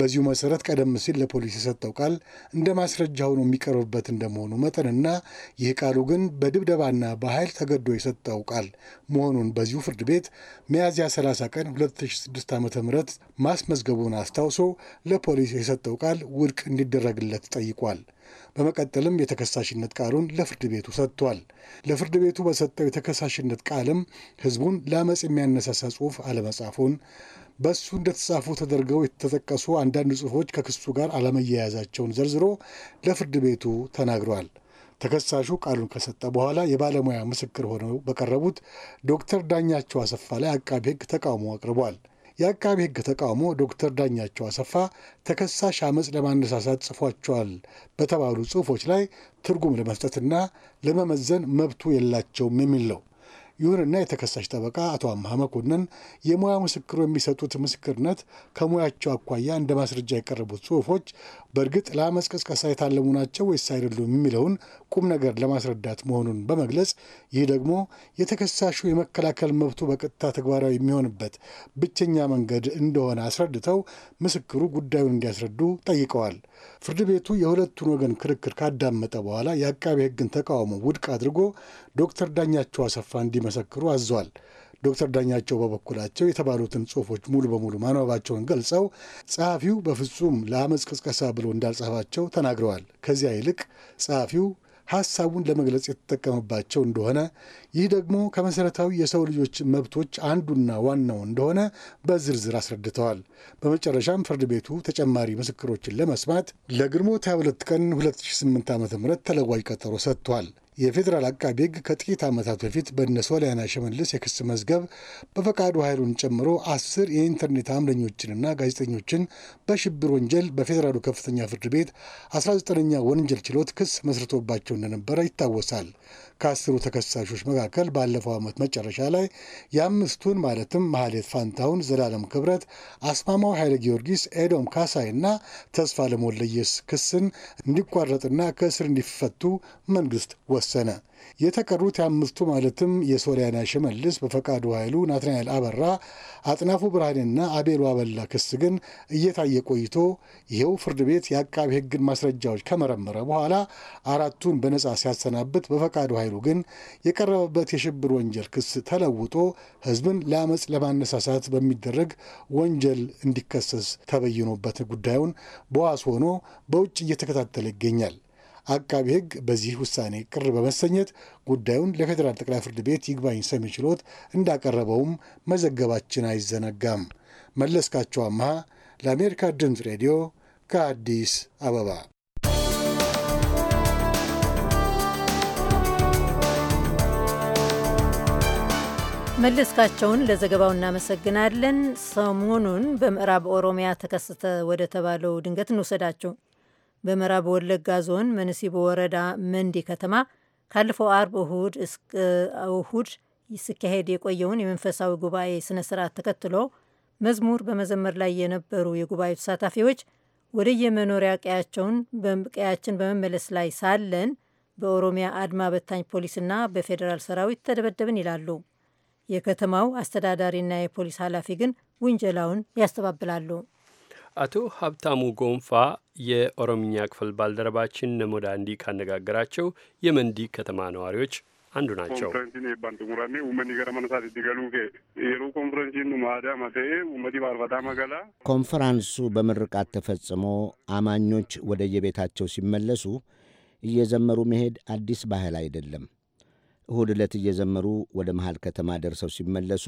[SPEAKER 8] በዚሁ መሰረት ቀደም ሲል ለፖሊስ የሰጠው ቃል እንደ ማስረጃ ሆኖ የሚቀርብበት እንደመሆኑ መጠንና ይህ ቃሉ ግን በድብደባና በኃይል ተገዶ የሰጠው ቃል መሆኑን በዚሁ ፍርድ ቤት ሚያዝያ 30 ቀን 2006 ዓ ም ማስመዝገቡን አስታውሶ ለፖሊስ የሰጠው ቃል ውድቅ እንዲደረግለት ጠይቋል። በመቀጠልም የተከሳሽነት ቃሉን ለፍርድ ቤቱ ሰጥቷል። ለፍርድ ቤቱ በሰጠው የተከሳሽነት ቃልም ህዝቡን ለአመፅ የሚያነሳሳ ጽሁፍ አለመጻፉን በሱ እንደተጻፉ ተደርገው የተጠቀሱ አንዳንድ ጽሁፎች ከክሱ ጋር አለመያያዛቸውን ዘርዝሮ ለፍርድ ቤቱ ተናግሯል። ተከሳሹ ቃሉን ከሰጠ በኋላ የባለሙያ ምስክር ሆነው በቀረቡት ዶክተር ዳኛቸው አሰፋ ላይ አቃቢ ህግ ተቃውሞ አቅርቧል። የአቃቢ ህግ ተቃውሞ ዶክተር ዳኛቸው አሰፋ ተከሳሽ አመፅ ለማነሳሳት ጽፏቸዋል በተባሉ ጽሁፎች ላይ ትርጉም ለመስጠትና ለመመዘን መብቱ የላቸውም የሚል ነው። ይሁንና የተከሳሽ ጠበቃ አቶ አምሃ መኮንን የሙያ ምስክሩ የሚሰጡት ምስክርነት ከሙያቸው አኳያ እንደ ማስረጃ የቀረቡት ጽሁፎች በእርግጥ ለአመፅ ቅስቀሳ የታለሙ ናቸው ወይስ አይደሉም የሚለውን ቁም ነገር ለማስረዳት መሆኑን በመግለጽ ይህ ደግሞ የተከሳሹ የመከላከል መብቱ በቀጥታ ተግባራዊ የሚሆንበት ብቸኛ መንገድ እንደሆነ አስረድተው ምስክሩ ጉዳዩን እንዲያስረዱ ጠይቀዋል። ፍርድ ቤቱ የሁለቱን ወገን ክርክር ካዳመጠ በኋላ የአቃቤ ሕግን ተቃውሞ ውድቅ አድርጎ ዶክተር ዳኛቸው አሰፋ እንዲመሰክሩ አዟል። ዶክተር ዳኛቸው በበኩላቸው የተባሉትን ጽሁፎች ሙሉ በሙሉ ማንበባቸውን ገልጸው ጸሐፊው በፍጹም ለአመፅ ቅስቀሳ ብሎ እንዳልጻፋቸው ተናግረዋል። ከዚያ ይልቅ ጸሐፊው ሐሳቡን ለመግለጽ የተጠቀመባቸው እንደሆነ ይህ ደግሞ ከመሠረታዊ የሰው ልጆች መብቶች አንዱና ዋናው እንደሆነ በዝርዝር አስረድተዋል። በመጨረሻም ፍርድ ቤቱ ተጨማሪ ምስክሮችን ለመስማት ለግንቦት 22 ቀን 2008 ዓ ም ተለዋጭ ቀጠሮ ሰጥቷል። የፌዴራል አቃቢ ሕግ ከጥቂት ዓመታት በፊት በነ ሶሊያና ሸመልስ የክስ መዝገብ በፈቃዱ ኃይሉን ጨምሮ አስር የኢንተርኔት አምለኞችንና ጋዜጠኞችን በሽብር ወንጀል በፌዴራሉ ከፍተኛ ፍርድ ቤት 19ኛ ወንጀል ችሎት ክስ መስርቶባቸው እንደነበረ ይታወሳል። ከአስሩ ተከሳሾች መካከል ባለፈው ዓመት መጨረሻ ላይ የአምስቱን ማለትም ማህሌት ፋንታውን፣ ዘላለም ክብረት፣ አስማማው ኃይለ ጊዮርጊስ፣ ኤዶም ካሳይ እና ተስፋ ለሞለየስ ክስን እንዲቋረጥና ከእስር እንዲፈቱ መንግስት ወሰነ። የተቀሩት የአምስቱ ማለትም የሶሊያና ሽመልስ፣ በፈቃዱ ኃይሉ፣ ናትናኤል አበራ፣ አጥናፉ ብርሃኔና አቤሉ አበላ ክስ ግን እየታየ ቆይቶ ይኸው ፍርድ ቤት የአቃቢ ሕግን ማስረጃዎች ከመረመረ በኋላ አራቱን በነጻ ሲያሰናብት፣ በፈቃዱ ኃይሉ ግን የቀረበበት የሽብር ወንጀል ክስ ተለውጦ ሕዝብን ለአመፅ ለማነሳሳት በሚደረግ ወንጀል እንዲከሰስ ተበይኖበት ጉዳዩን በዋስ ሆኖ በውጭ እየተከታተለ ይገኛል። አቃቢ ሕግ በዚህ ውሳኔ ቅር በመሰኘት ጉዳዩን ለፌዴራል ጠቅላይ ፍርድ ቤት ይግባኝ ሰሚ ችሎት እንዳቀረበውም መዘገባችን አይዘነጋም። መለስካቸው አምሃ ለአሜሪካ ድምፅ ሬዲዮ ከአዲስ አበባ
[SPEAKER 1] መለስካቸውን ለዘገባው እናመሰግናለን። ሰሞኑን በምዕራብ ኦሮሚያ ተከሰተ ወደ ተባለው ድንገት እንውሰዳቸው። በምዕራብ ወለጋ ዞን መንሲቦ ወረዳ መንዲ ከተማ ካለፈው አርብ እሁድ እስከ እሁድ ሲካሄድ የቆየውን የመንፈሳዊ ጉባኤ ስነ ስርዓት ተከትሎ መዝሙር በመዘመር ላይ የነበሩ የጉባኤ ተሳታፊዎች ወደ የመኖሪያ ቀያቸውን ቀያችን በመመለስ ላይ ሳለን በኦሮሚያ አድማ በታኝ ፖሊስና በፌዴራል ሰራዊት ተደበደብን ይላሉ። የከተማው አስተዳዳሪና የፖሊስ ኃላፊ ግን ውንጀላውን ያስተባብላሉ።
[SPEAKER 2] አቶ ሀብታሙ ጎንፋ የኦሮምኛ ክፍል ባልደረባችን ነሞዳ እንዲ ካነጋገራቸው የመንዲ ከተማ ነዋሪዎች አንዱ ናቸው።
[SPEAKER 4] ኮንፈራንሱ በምርቃት ተፈጽሞ አማኞች ወደ የቤታቸው ሲመለሱ እየዘመሩ መሄድ አዲስ ባህል አይደለም። እሁድ ዕለት እየዘመሩ ወደ መሃል ከተማ ደርሰው ሲመለሱ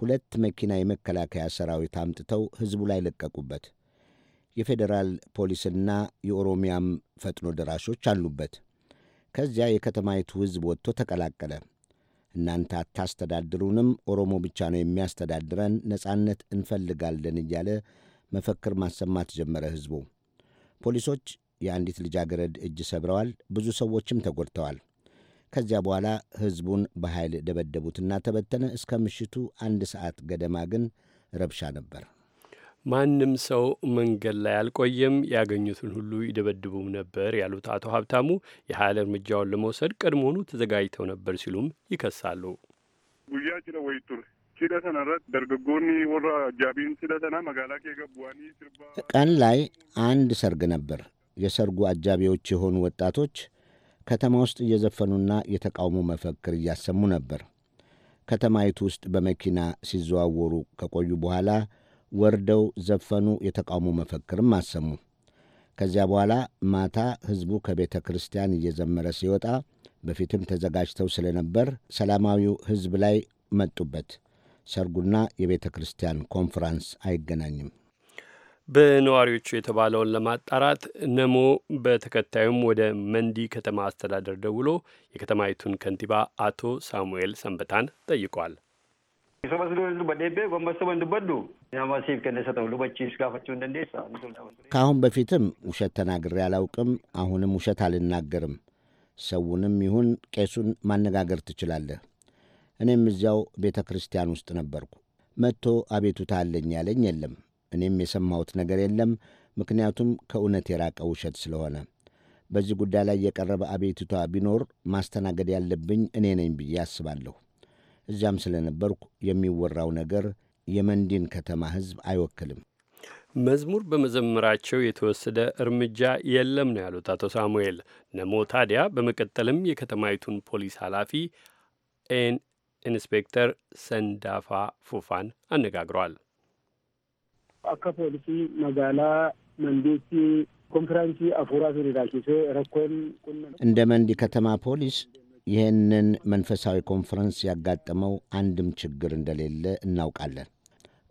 [SPEAKER 4] ሁለት መኪና የመከላከያ ሰራዊት አምጥተው ሕዝቡ ላይ ለቀቁበት። የፌዴራል ፖሊስና የኦሮሚያም ፈጥኖ ደራሾች አሉበት። ከዚያ የከተማይቱ ሕዝብ ወጥቶ ተቀላቀለ። እናንተ አታስተዳድሩንም፣ ኦሮሞ ብቻ ነው የሚያስተዳድረን፣ ነጻነት እንፈልጋለን እያለ መፈክር ማሰማት ጀመረ ሕዝቡ። ፖሊሶች የአንዲት ልጃገረድ እጅ ሰብረዋል። ብዙ ሰዎችም ተጎድተዋል። ከዚያ በኋላ ሕዝቡን በኃይል ደበደቡትና ተበተነ። እስከ ምሽቱ አንድ ሰዓት ገደማ ግን ረብሻ ነበር።
[SPEAKER 2] ማንም ሰው መንገድ ላይ አልቆየም፣ ያገኙትን ሁሉ ይደበድቡም ነበር ያሉት አቶ ሀብታሙ የኃይል እርምጃውን ለመውሰድ ቀድሞውኑ ተዘጋጅተው ነበር ሲሉም ይከሳሉ።
[SPEAKER 5] ጉያ ጅረ ወይቱር
[SPEAKER 4] ቀን ላይ አንድ ሰርግ ነበር። የሰርጉ አጃቢዎች የሆኑ ወጣቶች ከተማ ውስጥ እየዘፈኑና የተቃውሞ መፈክር እያሰሙ ነበር። ከተማይቱ ውስጥ በመኪና ሲዘዋወሩ ከቆዩ በኋላ ወርደው ዘፈኑ፣ የተቃውሞ መፈክርም አሰሙ። ከዚያ በኋላ ማታ ሕዝቡ ከቤተ ክርስቲያን እየዘመረ ሲወጣ በፊትም ተዘጋጅተው ስለነበር ሰላማዊው ሕዝብ ላይ መጡበት። ሰርጉና የቤተ ክርስቲያን ኮንፈራንስ አይገናኝም።
[SPEAKER 2] በነዋሪዎቹ የተባለውን ለማጣራት ነሞ በተከታዩም ወደ መንዲ ከተማ አስተዳደር ደውሎ የከተማይቱን ከንቲባ አቶ ሳሙኤል ሰንበታን ጠይቋል።
[SPEAKER 4] ከአሁን በፊትም ውሸት ተናግሬ አላውቅም። አሁንም ውሸት አልናገርም። ሰውንም ይሁን ቄሱን ማነጋገር ትችላለህ። እኔም እዚያው ቤተ ክርስቲያን ውስጥ ነበርኩ። መጥቶ አቤቱታ አለኝ ያለኝ የለም። እኔም የሰማሁት ነገር የለም፣ ምክንያቱም ከእውነት የራቀ ውሸት ስለሆነ። በዚህ ጉዳይ ላይ የቀረበ አቤቱታ ቢኖር ማስተናገድ ያለብኝ እኔ ነኝ ብዬ አስባለሁ። እዚያም ስለነበርኩ የሚወራው ነገር የመንዲን ከተማ ሕዝብ አይወክልም።
[SPEAKER 2] መዝሙር በመዘመራቸው የተወሰደ እርምጃ የለም ነው ያሉት አቶ ሳሙኤል ነሞ። ታዲያ በመቀጠልም የከተማይቱን ፖሊስ ኃላፊ ኢንስፔክተር ሰንዳፋ ፉፋን አነጋግሯል።
[SPEAKER 5] akka poolisii magaalaa Mandeetti ኮንፈራንሲ አፉራ
[SPEAKER 4] እንደ መንዲ ከተማ ፖሊስ ይህንን መንፈሳዊ ኮንፈረንስ ያጋጠመው አንድም ችግር እንደሌለ እናውቃለን።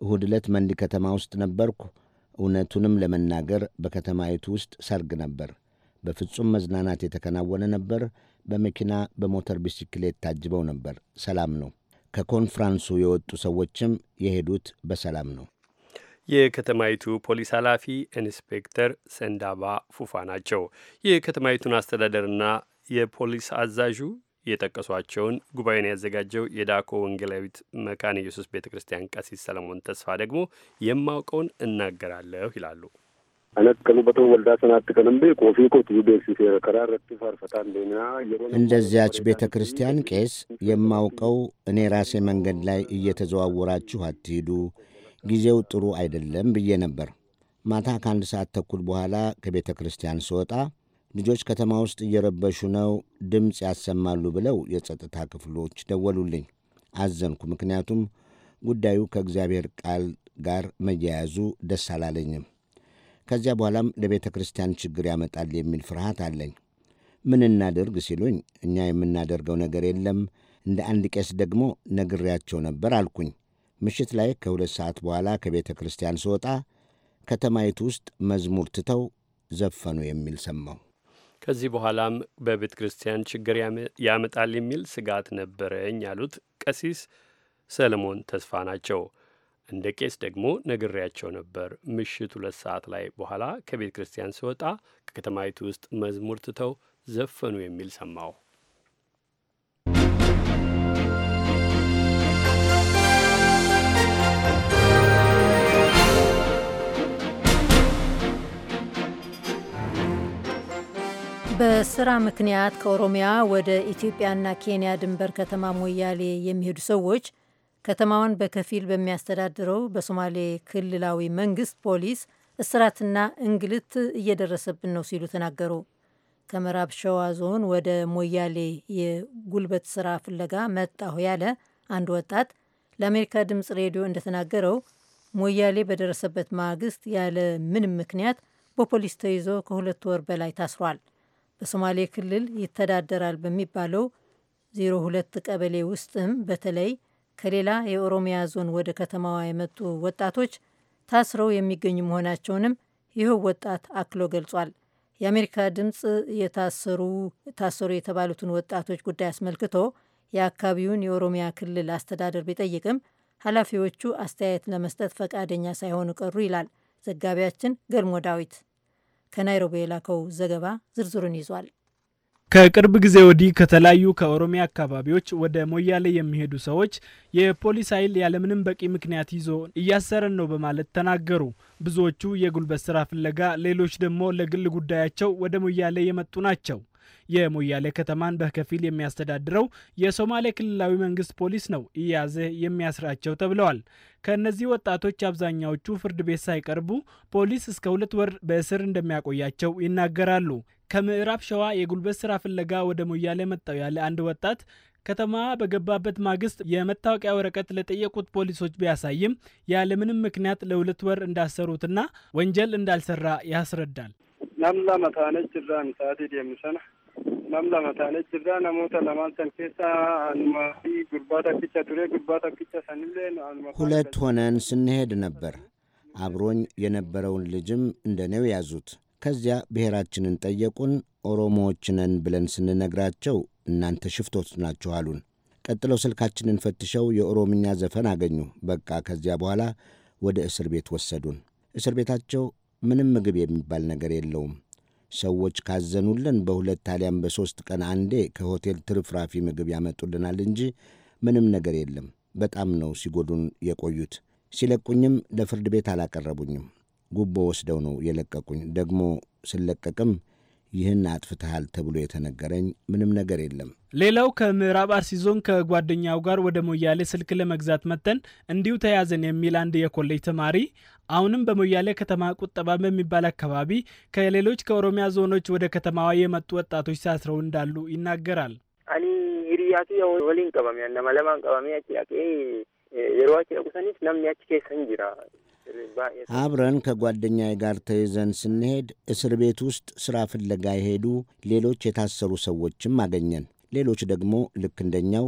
[SPEAKER 4] እሁድ ዕለት መንዲ ከተማ ውስጥ ነበርኩ። እውነቱንም ለመናገር በከተማይቱ ውስጥ ሰርግ ነበር። በፍጹም መዝናናት የተከናወነ ነበር። በመኪና በሞተር ቢስክሌት ታጅበው ነበር። ሰላም ነው። ከኮንፍራንሱ የወጡ ሰዎችም የሄዱት በሰላም ነው።
[SPEAKER 2] የከተማይቱ ፖሊስ ኃላፊ ኢንስፔክተር ሰንዳባ ፉፋ ናቸው። የከተማይቱን አስተዳደርና የፖሊስ አዛዡ የጠቀሷቸውን ጉባኤን ያዘጋጀው የዳኮ ወንጌላዊት መካነ ኢየሱስ ቤተ ክርስቲያን ቀሲስ ሰለሞን ተስፋ ደግሞ የማውቀውን እናገራለሁ ይላሉ።
[SPEAKER 5] እንደዚያች
[SPEAKER 4] ቤተ ክርስቲያን ቄስ የማውቀው እኔ ራሴ መንገድ ላይ እየተዘዋወራችሁ አትሂዱ ጊዜው ጥሩ አይደለም ብዬ ነበር። ማታ ከአንድ ሰዓት ተኩል በኋላ ከቤተ ክርስቲያን ስወጣ ልጆች ከተማ ውስጥ እየረበሹ ነው፣ ድምፅ ያሰማሉ ብለው የጸጥታ ክፍሎች ደወሉልኝ። አዘንኩ፣ ምክንያቱም ጉዳዩ ከእግዚአብሔር ቃል ጋር መያያዙ ደስ አላለኝም። ከዚያ በኋላም ለቤተ ክርስቲያን ችግር ያመጣል የሚል ፍርሃት አለኝ። ምን እናደርግ ሲሉኝ እኛ የምናደርገው ነገር የለም፣ እንደ አንድ ቄስ ደግሞ ነግሬያቸው ነበር አልኩኝ። ምሽት ላይ ከሁለት ሰዓት በኋላ ከቤተ ክርስቲያን ስወጣ ከተማይቱ ውስጥ መዝሙር ትተው ዘፈኑ የሚል ሰማሁ።
[SPEAKER 2] ከዚህ በኋላም በቤተ ክርስቲያን ችግር ያመጣል የሚል ስጋት ነበረኝ ያሉት ቀሲስ ሰለሞን ተስፋ ናቸው። እንደ ቄስ ደግሞ ነግሬያቸው ነበር። ምሽት ሁለት ሰዓት ላይ በኋላ ከቤተ ክርስቲያን ስወጣ ከከተማይቱ ውስጥ መዝሙር ትተው ዘፈኑ የሚል ሰማሁ።
[SPEAKER 1] በስራ ምክንያት ከኦሮሚያ ወደ ኢትዮጵያና ኬንያ ድንበር ከተማ ሞያሌ የሚሄዱ ሰዎች ከተማዋን በከፊል በሚያስተዳድረው በሶማሌ ክልላዊ መንግስት ፖሊስ እስራትና እንግልት እየደረሰብን ነው ሲሉ ተናገሩ። ከምዕራብ ሸዋ ዞን ወደ ሞያሌ የጉልበት ስራ ፍለጋ መጣሁ ያለ አንድ ወጣት ለአሜሪካ ድምፅ ሬዲዮ እንደተናገረው ሞያሌ በደረሰበት ማግስት ያለ ምንም ምክንያት በፖሊስ ተይዞ ከሁለት ወር በላይ ታስሯል። በሶማሌ ክልል ይተዳደራል በሚባለው 02 ቀበሌ ውስጥም በተለይ ከሌላ የኦሮሚያ ዞን ወደ ከተማዋ የመጡ ወጣቶች ታስረው የሚገኙ መሆናቸውንም ይህ ወጣት አክሎ ገልጿል። የአሜሪካ ድምፅ የታሰሩ ታሰሩ የተባሉትን ወጣቶች ጉዳይ አስመልክቶ የአካባቢውን የኦሮሚያ ክልል አስተዳደር ቢጠይቅም ኃላፊዎቹ አስተያየት ለመስጠት ፈቃደኛ ሳይሆኑ ቀሩ ይላል ዘጋቢያችን ገልሞ ዳዊት። ከናይሮቢ የላከው ዘገባ ዝርዝሩን ይዟል።
[SPEAKER 9] ከቅርብ ጊዜ ወዲህ ከተለያዩ ከኦሮሚያ አካባቢዎች ወደ ሞያሌ የሚሄዱ ሰዎች የፖሊስ ኃይል ያለምንም በቂ ምክንያት ይዞ እያሰረን ነው በማለት ተናገሩ። ብዙዎቹ የጉልበት ስራ ፍለጋ፣ ሌሎች ደግሞ ለግል ጉዳያቸው ወደ ሞያሌ የመጡ ናቸው። የሞያሌ ከተማን በከፊል የሚያስተዳድረው የሶማሌ ክልላዊ መንግስት ፖሊስ ነው ኢያዜ የሚያስራቸው ተብለዋል። ከእነዚህ ወጣቶች አብዛኛዎቹ ፍርድ ቤት ሳይቀርቡ ፖሊስ እስከ ሁለት ወር በእስር እንደሚያቆያቸው ይናገራሉ። ከምዕራብ ሸዋ የጉልበት ስራ ፍለጋ ወደ ሞያሌ መጣው ያለ አንድ ወጣት ከተማ በገባበት ማግስት የመታወቂያ ወረቀት ለጠየቁት ፖሊሶች ቢያሳይም ያለምንም ምክንያት ለሁለት ወር እንዳሰሩትና ወንጀል እንዳልሰራ ያስረዳል።
[SPEAKER 5] ናምላ መታነች ምሳቴ ደምሰና nam lama taane jirra namoota lamaan san keessa anumaa fi gurbaa takkicha ture gurbaa takkicha sanillee
[SPEAKER 4] ሁለት ሆነን ስንሄድ ነበር። አብሮኝ የነበረውን ልጅም እንደኔው ያዙት። ከዚያ ብሔራችንን ጠየቁን። ኦሮሞዎች ነን ብለን ስንነግራቸው እናንተ ሽፍቶች ናችሁ አሉን። ቀጥለው ስልካችንን ፈትሸው የኦሮምኛ ዘፈን አገኙ። በቃ ከዚያ በኋላ ወደ እስር ቤት ወሰዱን። እስር ቤታቸው ምንም ምግብ የሚባል ነገር የለውም። ሰዎች ካዘኑልን በሁለት አሊያም በሦስት ቀን አንዴ ከሆቴል ትርፍራፊ ምግብ ያመጡልናል እንጂ ምንም ነገር የለም። በጣም ነው ሲጎዱን የቆዩት። ሲለቁኝም ለፍርድ ቤት አላቀረቡኝም። ጉቦ ወስደው ነው የለቀቁኝ። ደግሞ ስለቀቅም ይህን አጥፍትሃል ተብሎ የተነገረኝ ምንም ነገር የለም።
[SPEAKER 9] ሌላው ከምዕራብ አርሲ ዞን ከጓደኛው ጋር ወደ ሞያሌ ስልክ ለመግዛት መጥተን እንዲሁ ተያዘን የሚል አንድ የኮሌጅ ተማሪ አሁንም በሞያሌ ከተማ ቁጠባ በሚባል አካባቢ ከሌሎች ከኦሮሚያ ዞኖች ወደ ከተማዋ የመጡ ወጣቶች ሳስረው እንዳሉ ይናገራል።
[SPEAKER 7] አኒ ሂሪያቱ ወሊን ቀባሚ ነማ ለማን ቀባሚ ያቄ
[SPEAKER 5] የሮዋች ቁሰኒት ነምን ያች ኬሰን ጅራ
[SPEAKER 4] አብረን ከጓደኛዬ ጋር ተይዘን ስንሄድ እስር ቤት ውስጥ ስራ ፍለጋ የሄዱ ሌሎች የታሰሩ ሰዎችም አገኘን። ሌሎች ደግሞ ልክ እንደኛው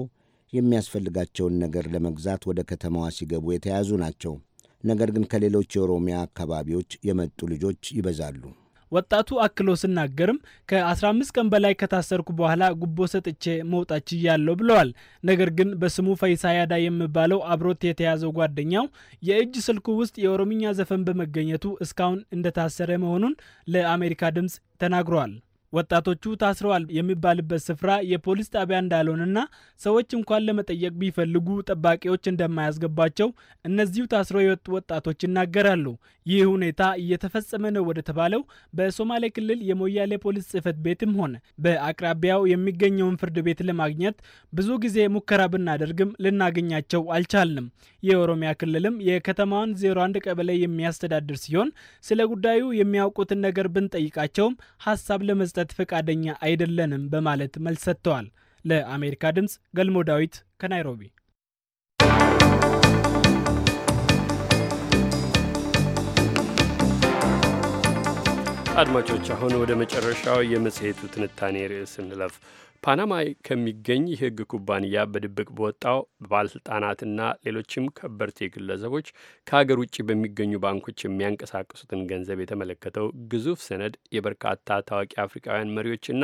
[SPEAKER 4] የሚያስፈልጋቸውን ነገር ለመግዛት ወደ ከተማዋ ሲገቡ የተያዙ ናቸው። ነገር ግን ከሌሎች የኦሮሚያ አካባቢዎች የመጡ ልጆች ይበዛሉ።
[SPEAKER 9] ወጣቱ አክሎ ስናገርም ከ15 ቀን በላይ ከታሰርኩ በኋላ ጉቦ ሰጥቼ መውጣት ችያለሁ ብለዋል። ነገር ግን በስሙ ፈይሳ ያዳ የሚባለው አብሮት የተያዘው ጓደኛው የእጅ ስልኩ ውስጥ የኦሮምኛ ዘፈን በመገኘቱ እስካሁን እንደታሰረ መሆኑን ለአሜሪካ ድምፅ ተናግሯል። ወጣቶቹ ታስረዋል የሚባልበት ስፍራ የፖሊስ ጣቢያ እንዳልሆነና ሰዎች እንኳን ለመጠየቅ ቢፈልጉ ጠባቂዎች እንደማያስገባቸው እነዚሁ ታስረው የወጡ ወጣቶች ይናገራሉ። ይህ ሁኔታ እየተፈጸመ ነው ወደ ተባለው በሶማሌ ክልል የሞያሌ ፖሊስ ጽህፈት ቤትም ሆነ በአቅራቢያው የሚገኘውን ፍርድ ቤት ለማግኘት ብዙ ጊዜ ሙከራ ብናደርግም ልናገኛቸው አልቻልንም። የኦሮሚያ ክልልም የከተማዋን 01 ቀበሌ የሚያስተዳድር ሲሆን ስለ ጉዳዩ የሚያውቁትን ነገር ብንጠይቃቸውም ሀሳብ ለመስጠት ፈቃደኛ አይደለንም በማለት መልስ ሰጥተዋል። ለአሜሪካ ድምፅ ገልሞ ዳዊት ከናይሮቢ
[SPEAKER 2] አድማጮች አሁን ወደ መጨረሻው የመጽሔቱ ትንታኔ ርዕስ እንለፍ። ፓናማ ከሚገኝ የሕግ ኩባንያ በድብቅ በወጣው ባለሥልጣናትና ሌሎችም ከበርቴ ግለሰቦች ከሀገር ውጭ በሚገኙ ባንኮች የሚያንቀሳቅሱትን ገንዘብ የተመለከተው ግዙፍ ሰነድ የበርካታ ታዋቂ አፍሪካውያን መሪዎችና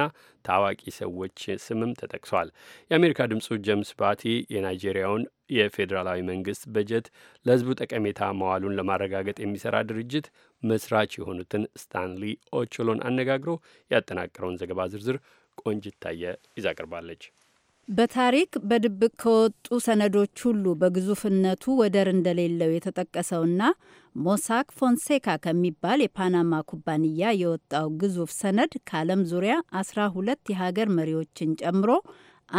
[SPEAKER 2] ታዋቂ ሰዎች ስምም ተጠቅሷል። የአሜሪካ ድምፁ ጀምስ ባቲ የናይጄሪያውን የፌዴራላዊ መንግስት በጀት ለሕዝቡ ጠቀሜታ መዋሉን ለማረጋገጥ የሚሰራ ድርጅት መስራች የሆኑትን ስታንሊ ኦቾሎን አነጋግሮ ያጠናቀረውን ዘገባ ዝርዝር ቆንጅታየ ይዛ ቀርባለች።
[SPEAKER 10] በታሪክ በድብቅ ከወጡ ሰነዶች ሁሉ በግዙፍነቱ ወደር እንደሌለው የተጠቀሰውና ሞሳክ ፎንሴካ ከሚባል የፓናማ ኩባንያ የወጣው ግዙፍ ሰነድ ከዓለም ዙሪያ አስራ ሁለት የሀገር መሪዎችን ጨምሮ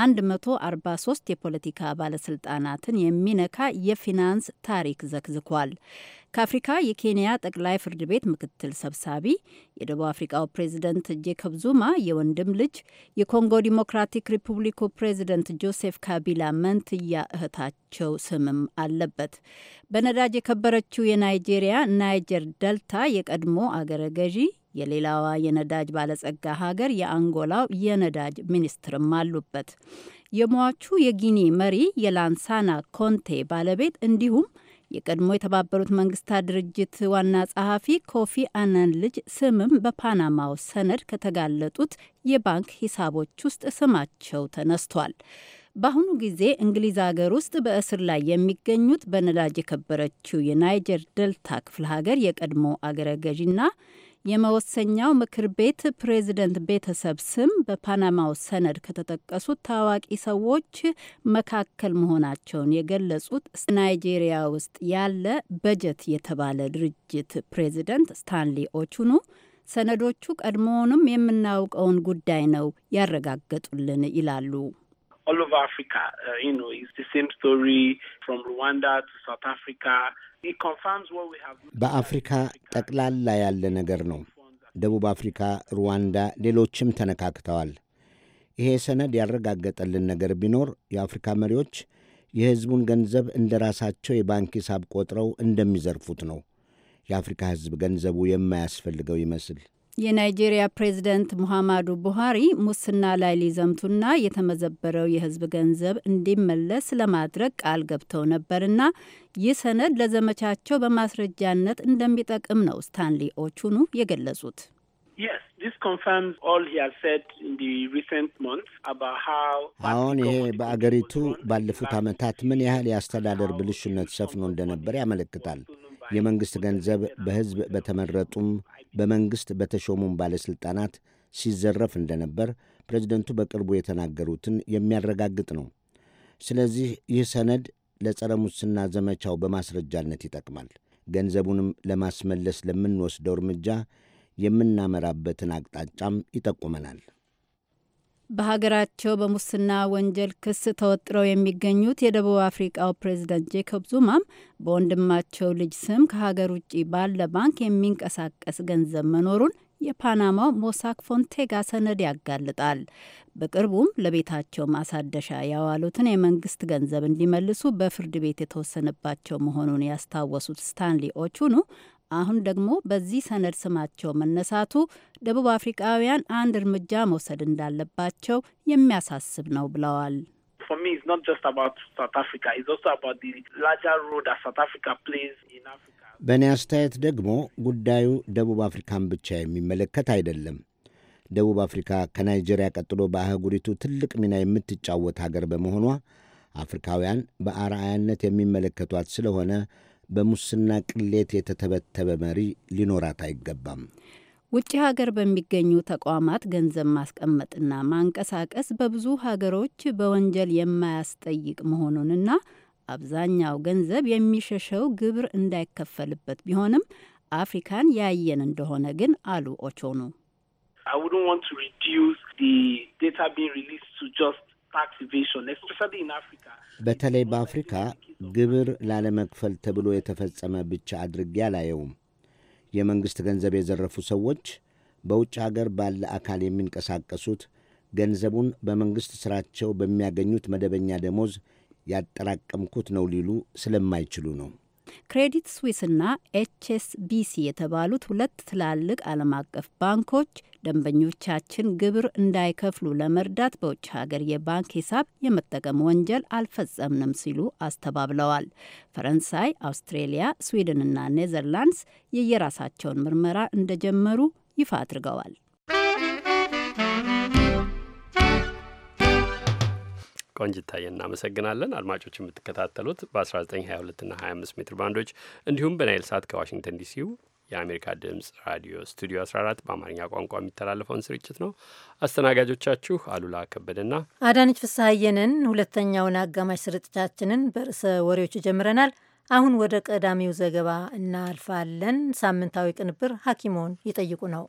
[SPEAKER 10] 143 የፖለቲካ ባለስልጣናትን የሚነካ የፊናንስ ታሪክ ዘክዝኳል። ከአፍሪካ የኬንያ ጠቅላይ ፍርድ ቤት ምክትል ሰብሳቢ፣ የደቡብ አፍሪካው ፕሬዚደንት ጄኮብ ዙማ የወንድም ልጅ፣ የኮንጎ ዲሞክራቲክ ሪፑብሊኩ ፕሬዚደንት ጆሴፍ ካቢላ መንትያ እህታቸው ስምም አለበት። በነዳጅ የከበረችው የናይጄሪያ ናይጀር ደልታ የቀድሞ አገረ ገዢ የሌላዋ የነዳጅ ባለጸጋ ሀገር የአንጎላው የነዳጅ ሚኒስትርም አሉበት። የሟቹ የጊኒ መሪ የላንሳና ኮንቴ ባለቤት እንዲሁም የቀድሞ የተባበሩት መንግስታት ድርጅት ዋና ጸሐፊ ኮፊ አናን ልጅ ስምም በፓናማው ሰነድ ከተጋለጡት የባንክ ሂሳቦች ውስጥ ስማቸው ተነስቷል። በአሁኑ ጊዜ እንግሊዝ ሀገር ውስጥ በእስር ላይ የሚገኙት በነዳጅ የከበረችው የናይጀር ደልታ ክፍለ ሀገር የቀድሞ አገረ ገዢና የመወሰኛው ምክር ቤት ፕሬዝደንት ቤተሰብ ስም በፓናማው ሰነድ ከተጠቀሱት ታዋቂ ሰዎች መካከል መሆናቸውን የገለጹት ናይጄሪያ ውስጥ ያለ በጀት የተባለ ድርጅት ፕሬዝደንት ስታንሊ ኦቹኑ ሰነዶቹ ቀድሞውንም የምናውቀውን ጉዳይ ነው ያረጋገጡልን ይላሉ።
[SPEAKER 11] all over Africa. Uh, you know, it's the same story
[SPEAKER 5] from Rwanda to South Africa. It confirms what we have.
[SPEAKER 4] በአፍሪካ ጠቅላላ ያለ ነገር ነው። ደቡብ አፍሪካ፣ ሩዋንዳ፣ ሌሎችም ተነካክተዋል። ይሄ ሰነድ ያረጋገጠልን ነገር ቢኖር የአፍሪካ መሪዎች የሕዝቡን ገንዘብ እንደ ራሳቸው የባንክ ሂሳብ ቆጥረው እንደሚዘርፉት ነው። የአፍሪካ ሕዝብ ገንዘቡ የማያስፈልገው ይመስል
[SPEAKER 10] የናይጄሪያ ፕሬዝደንት ሙሐማዱ ቡሃሪ ሙስና ላይ ሊዘምቱና የተመዘበረው የህዝብ ገንዘብ እንዲመለስ ለማድረግ ቃል ገብተው ነበርና ይህ ሰነድ ለዘመቻቸው በማስረጃነት እንደሚጠቅም ነው ስታንሊ
[SPEAKER 4] ኦቹኑ የገለጹት። አሁን ይሄ በአገሪቱ ባለፉት ዓመታት ምን ያህል የአስተዳደር ብልሹነት ሰፍኖ እንደነበር ያመለክታል። የመንግሥት ገንዘብ በሕዝብ በተመረጡም በመንግሥት በተሾሙም ባለሥልጣናት ሲዘረፍ እንደነበር ፕሬዚደንቱ በቅርቡ የተናገሩትን የሚያረጋግጥ ነው። ስለዚህ ይህ ሰነድ ለጸረ ሙስና ዘመቻው በማስረጃነት ይጠቅማል። ገንዘቡንም ለማስመለስ ለምንወስደው እርምጃ የምናመራበትን አቅጣጫም ይጠቁመናል።
[SPEAKER 10] በሀገራቸው በሙስና ወንጀል ክስ ተወጥረው የሚገኙት የደቡብ አፍሪቃው ፕሬዝዳንት ጄኮብ ዙማም በወንድማቸው ልጅ ስም ከሀገር ውጭ ባለ ባንክ የሚንቀሳቀስ ገንዘብ መኖሩን የፓናማው ሞሳክ ፎንቴጋ ሰነድ ያጋልጣል። በቅርቡም ለቤታቸው ማሳደሻ ያዋሉትን የመንግስት ገንዘብ እንዲመልሱ በፍርድ ቤት የተወሰነባቸው መሆኑን ያስታወሱት ስታንሊ ኦቹኑ አሁን ደግሞ በዚህ ሰነድ ስማቸው መነሳቱ ደቡብ አፍሪቃውያን አንድ እርምጃ መውሰድ እንዳለባቸው
[SPEAKER 4] የሚያሳስብ ነው ብለዋል። በእኔ አስተያየት ደግሞ ጉዳዩ ደቡብ አፍሪካን ብቻ የሚመለከት አይደለም። ደቡብ አፍሪካ ከናይጄሪያ ቀጥሎ በአህጉሪቱ ትልቅ ሚና የምትጫወት ሀገር በመሆኗ አፍሪካውያን በአርአያነት የሚመለከቷት ስለሆነ በሙስና ቅሌት የተተበተበ መሪ ሊኖራት አይገባም።
[SPEAKER 10] ውጭ ሀገር በሚገኙ ተቋማት ገንዘብ ማስቀመጥና ማንቀሳቀስ በብዙ ሀገሮች በወንጀል የማያስጠይቅ መሆኑንና አብዛኛው ገንዘብ የሚሸሸው ግብር እንዳይከፈልበት ቢሆንም አፍሪካን ያየን እንደሆነ ግን አሉ ኦቾኑ።
[SPEAKER 4] በተለይ በአፍሪካ ግብር ላለመክፈል ተብሎ የተፈጸመ ብቻ አድርጌ አላየውም። የመንግሥት ገንዘብ የዘረፉ ሰዎች በውጭ አገር ባለ አካል የሚንቀሳቀሱት ገንዘቡን በመንግሥት ሥራቸው በሚያገኙት መደበኛ ደሞዝ ያጠራቀምኩት ነው ሊሉ ስለማይችሉ ነው።
[SPEAKER 10] ክሬዲት ስዊስና ኤችኤስቢሲ የተባሉት ሁለት ትላልቅ ዓለም አቀፍ ባንኮች ደንበኞቻችን ግብር እንዳይከፍሉ ለመርዳት በውጭ ሀገር የባንክ ሂሳብ የመጠቀም ወንጀል አልፈጸምንም ሲሉ አስተባብለዋል። ፈረንሳይ፣ አውስትሬሊያ፣ ስዊድንና ኔዘርላንድስ የየራሳቸውን ምርመራ እንደጀመሩ ይፋ አድርገዋል።
[SPEAKER 2] ቆንጅታዬ እናመሰግናለን። አድማጮች የምትከታተሉት በ1922 እና 25 ሜትር ባንዶች እንዲሁም በናይል ሳት ከዋሽንግተን ዲሲው የአሜሪካ ድምፅ ራዲዮ ስቱዲዮ 14 በአማርኛ ቋንቋ የሚተላለፈውን ስርጭት ነው። አስተናጋጆቻችሁ አሉላ ከበደና
[SPEAKER 1] አዳነች ፍስሐየንን። ሁለተኛውን አጋማሽ ስርጭታችንን በርዕሰ ወሬዎች ጀምረናል። አሁን ወደ ቀዳሚው ዘገባ እናልፋለን። ሳምንታዊ ቅንብር ሐኪሞን ይጠይቁ ነው።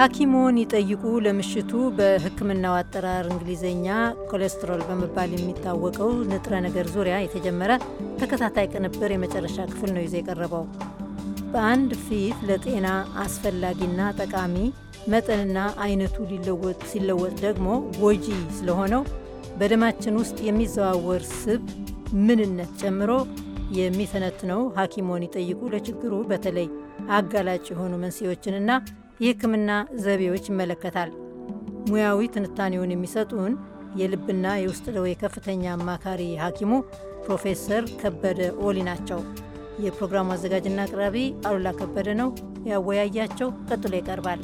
[SPEAKER 1] ሐኪሙን ይጠይቁ ለምሽቱ በሕክምናው አጠራር እንግሊዝኛ ኮሌስትሮል በመባል የሚታወቀው ንጥረ ነገር ዙሪያ የተጀመረ ተከታታይ ቅንብር የመጨረሻ ክፍል ነው ይዞ የቀረበው። በአንድ ፊት ለጤና አስፈላጊና ጠቃሚ መጠንና አይነቱ ሊለወጥ ሲለወጥ ደግሞ ጎጂ ስለሆነው በደማችን ውስጥ የሚዘዋወር ስብ ምንነት ጨምሮ የሚተነትነው ሐኪሞን ይጠይቁ ለችግሩ በተለይ አጋላጭ የሆኑ መንስኤዎችንና የሕክምና ዘይቤዎች ይመለከታል። ሙያዊ ትንታኔውን የሚሰጡን የልብና የውስጥ ደዌ ከፍተኛ አማካሪ ሐኪሙ ፕሮፌሰር ከበደ ኦሊ ናቸው። የፕሮግራሙ አዘጋጅና አቅራቢ አሉላ ከበደ ነው። ያወያያቸው ቀጥሎ ይቀርባል።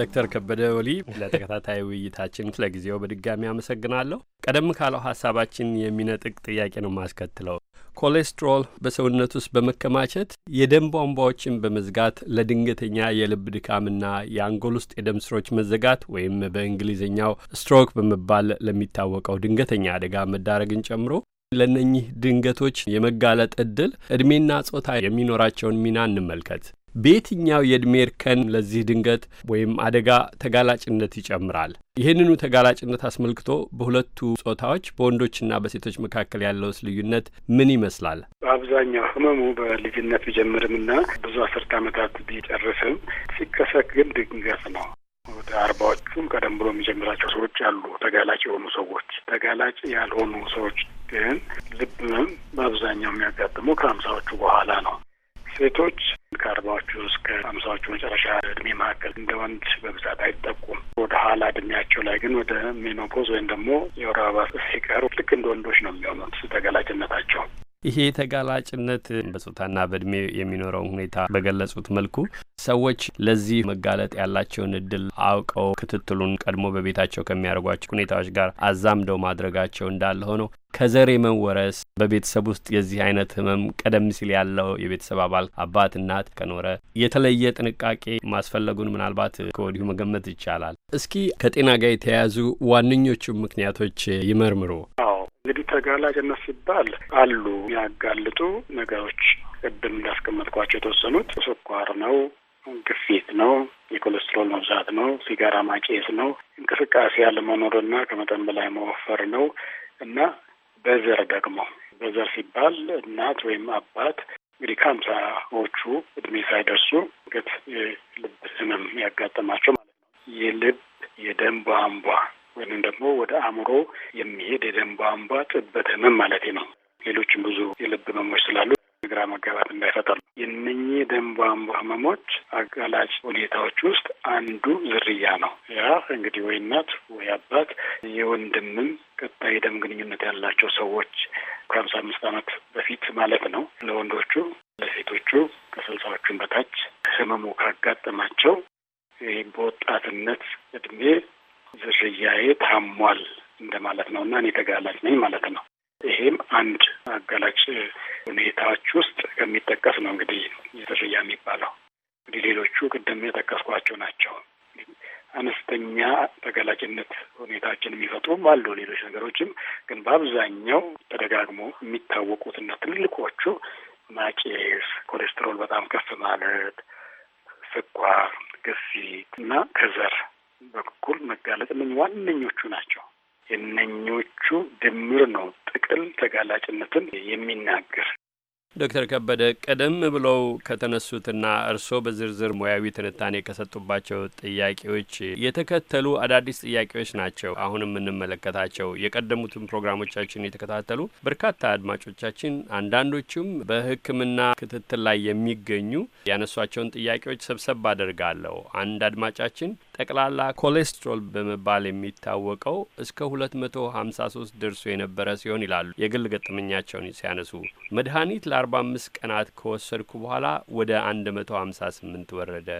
[SPEAKER 2] ዶክተር ከበደ ወሊ ለተከታታይ ውይይታችን ስለ ጊዜው በድጋሚ አመሰግናለሁ። ቀደም ካለው ሀሳባችን የሚነጥቅ ጥያቄ ነው የማስከትለው። ኮሌስትሮል በሰውነት ውስጥ በመከማቸት የደም ቧንቧዎችን በመዝጋት ለድንገተኛ የልብ ድካምና የአንጎል ውስጥ የደም ስሮች መዘጋት ወይም በእንግሊዝኛው ስትሮክ በመባል ለሚታወቀው ድንገተኛ አደጋ መዳረግን ጨምሮ ለእነኚህ ድንገቶች የመጋለጥ እድል እድሜና ጾታ የሚኖራቸውን ሚና እንመልከት። በየትኛው የዕድሜ እርከን ለዚህ ድንገት ወይም አደጋ ተጋላጭነት ይጨምራል? ይህንኑ ተጋላጭነት አስመልክቶ በሁለቱ ጾታዎች በወንዶችና በሴቶች መካከል ያለውስ ልዩነት ምን ይመስላል?
[SPEAKER 5] በአብዛኛው ህመሙ በልጅነት ቢጀምርም እና ብዙ አስርት ዓመታት ቢጨርስም ሲከሰት ግን ድንገት ነው። ወደ አርባዎቹም ቀደም ብሎ የሚጀምራቸው ሰዎች አሉ፣ ተጋላጭ የሆኑ ሰዎች። ተጋላጭ ያልሆኑ ሰዎች ግን ልብ ህመም በአብዛኛው የሚያጋጥመው ከሀምሳዎቹ በኋላ ነው። ሴቶች ከአርባዎቹ እስከ አምሳዎቹ መጨረሻ እድሜ መካከል እንደ ወንድ በብዛት አይጠቁም። ወደ ኋላ እድሜያቸው ላይ ግን ወደ ሜኖፖዝ ወይም ደግሞ የወር አበባ ሲቀሩ ልክ እንደ ወንዶች ነው የሚሆኑት ተገላጭነታቸው።
[SPEAKER 2] ይሄ ተጋላጭነት በጾታና በእድሜ የሚኖረውን ሁኔታ በገለጹት መልኩ ሰዎች ለዚህ መጋለጥ ያላቸውን እድል አውቀው ክትትሉን ቀድሞ በቤታቸው ከሚያደርጓቸው ሁኔታዎች ጋር አዛምደው ማድረጋቸው እንዳለ ሆነው ከዘር መወረስ በቤተሰብ ውስጥ የዚህ አይነት ህመም ቀደም ሲል ያለው የቤተሰብ አባል አባት፣ እናት ከኖረ የተለየ ጥንቃቄ ማስፈለጉን ምናልባት ከወዲሁ መገመት ይቻላል። እስኪ ከጤና ጋር የተያያዙ ዋነኞቹ ምክንያቶች ይመርምሩ።
[SPEAKER 5] አዎ እንግዲህ ተጋላጭነት ሲባል አሉ ያጋልጡ ነገሮች ቅድም እንዳስቀመጥኳቸው የተወሰኑት ስኳር ነው፣ ግፊት ነው፣ የኮሌስትሮል መብዛት ነው፣ ሲጋራ ማጨስ ነው፣ እንቅስቃሴ ያለመኖርና ከመጠን በላይ መወፈር ነው እና በዘር ደግሞ በዘር ሲባል እናት ወይም አባት እንግዲህ ከአምሳዎቹ እድሜ ሳይደርሱ ግት ልብ ህመም ያጋጠማቸው ማለት ነው። የልብ የደም ቧንቧ ወይም ደግሞ ወደ አእምሮ የሚሄድ የደም ቧንቧ ጥበት ህመም ማለት ነው። ሌሎችም ብዙ የልብ ህመሞች ስላሉ ግራ መጋባት እንዳይፈጠር ነው። የነኚህ ደም ቧንቧ ህመሞች አጋላጭ ሁኔታዎች ውስጥ አንዱ ዝርያ ነው። ያ እንግዲህ ወይ እናት ወይ አባት የወንድምም ቀጣይ ደም ግንኙነት ያላቸው ሰዎች ከሀምሳ አምስት ዓመት በፊት ማለት ነው ለወንዶቹ ለሴቶቹ ከስልሳዎቹን በታች ህመሙ ካጋጠማቸው በወጣትነት እድሜ ዝርያዬ ታሟል እንደማለት ነው እና እኔ ተጋላጭ ነኝ ማለት ነው። ይሄም አንድ አጋላጭ ሁኔታዎች ውስጥ ከሚጠቀስ ነው። እንግዲህ ዝርያ የሚባለው እንግዲህ ሌሎቹ ቅድም የጠቀስኳቸው ናቸው። አነስተኛ ተጋላጭነት ሁኔታችን የሚፈጥሩም አሉ። ሌሎች ነገሮችም ግን በአብዛኛው ተደጋግሞ የሚታወቁት እና ትልልቆቹ ማጨስ፣ ኮሌስትሮል በጣም ከፍ ማለት፣ ስኳር፣ ግፊት እና ከዘር በኩል መጋለጥ እነኝህ ዋነኞቹ ናቸው። የነኞቹ ድምር ነው ጥቅል ተጋላጭነትን የሚናገር።
[SPEAKER 2] ዶክተር ከበደ ቀደም ብለው ከተነሱትና እርስዎ በዝርዝር ሙያዊ ትንታኔ ከሰጡባቸው ጥያቄዎች የተከተሉ አዳዲስ ጥያቄዎች ናቸው። አሁን የምንመለከታቸው የቀደሙትን ፕሮግራሞቻችን የተከታተሉ በርካታ አድማጮቻችን፣ አንዳንዶቹም በሕክምና ክትትል ላይ የሚገኙ ያነሷቸውን ጥያቄዎች ሰብሰብ አደርጋለሁ። አንድ አድማጫችን ጠቅላላ ኮሌስትሮል በመባል የሚታወቀው እስከ 253 ደርሶ የነበረ ሲሆን ይላሉ የግል ገጠመኛቸውን ሲያነሱ መድኃኒት ለ45 ቀናት ከወሰድኩ በኋላ ወደ 158 ወረደ።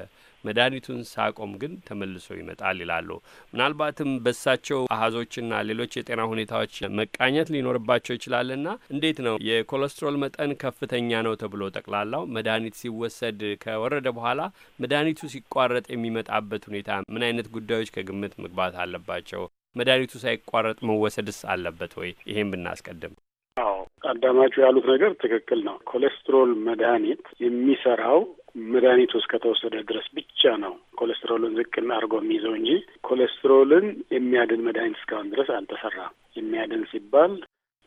[SPEAKER 2] መድኃኒቱን ሳቆም ግን ተመልሶ ይመጣል ይላሉ። ምናልባትም በሳቸው አሀዞችና ሌሎች የጤና ሁኔታዎች መቃኘት ሊኖርባቸው ይችላልና እንዴት ነው የኮሌስትሮል መጠን ከፍተኛ ነው ተብሎ ጠቅላላው መድኃኒት ሲወሰድ ከወረደ በኋላ መድኃኒቱ ሲቋረጥ የሚመጣበት ሁኔታ ምን አይነት ጉዳዮች ከግምት መግባት አለባቸው? መድኃኒቱ ሳይቋረጥ መወሰድስ አለበት ወይ? ይሄን ብናስቀድም
[SPEAKER 5] አዳማጩ ያሉት ነገር ትክክል ነው። ኮሌስትሮል መድኃኒት የሚሰራው መድኃኒቱ እስከተወሰደ ድረስ ብቻ ነው ኮሌስትሮልን ዝቅና አድርጎ የሚይዘው እንጂ ኮሌስትሮልን የሚያድን መድኃኒት እስካሁን ድረስ አልተሰራም። የሚያድን ሲባል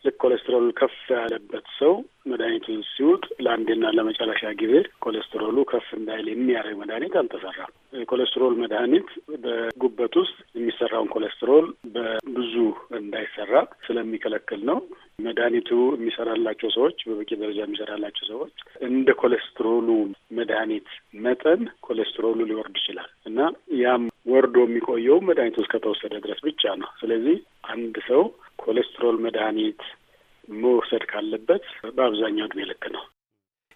[SPEAKER 5] ልክ ኮሌስትሮል ከፍ ያለበት ሰው መድኃኒቱን ሲውጥ ለአንዴና ለመጨረሻ ጊዜ ኮሌስትሮሉ ከፍ እንዳይል የሚያደርግ መድኃኒት አልተሰራም። የኮሌስትሮል መድኃኒት በጉበት ውስጥ የሚሰራውን ኮሌስትሮል በብዙ እንዳይሰራ ስለሚከለክል ነው። መድኃኒቱ የሚሰራላቸው ሰዎች በበቂ ደረጃ የሚሰራላቸው ሰዎች እንደ ኮሌስትሮሉ መድኃኒት መጠን ኮሌስትሮሉ ሊወርድ ይችላል እና ያም ወርዶ የሚቆየው መድኃኒቱ እስከተወሰደ ድረስ ብቻ ነው። ስለዚህ አንድ ሰው ኮሌስትሮል መድኃኒት መውሰድ ካለበት በአብዛኛው እድሜ ልክ ነው።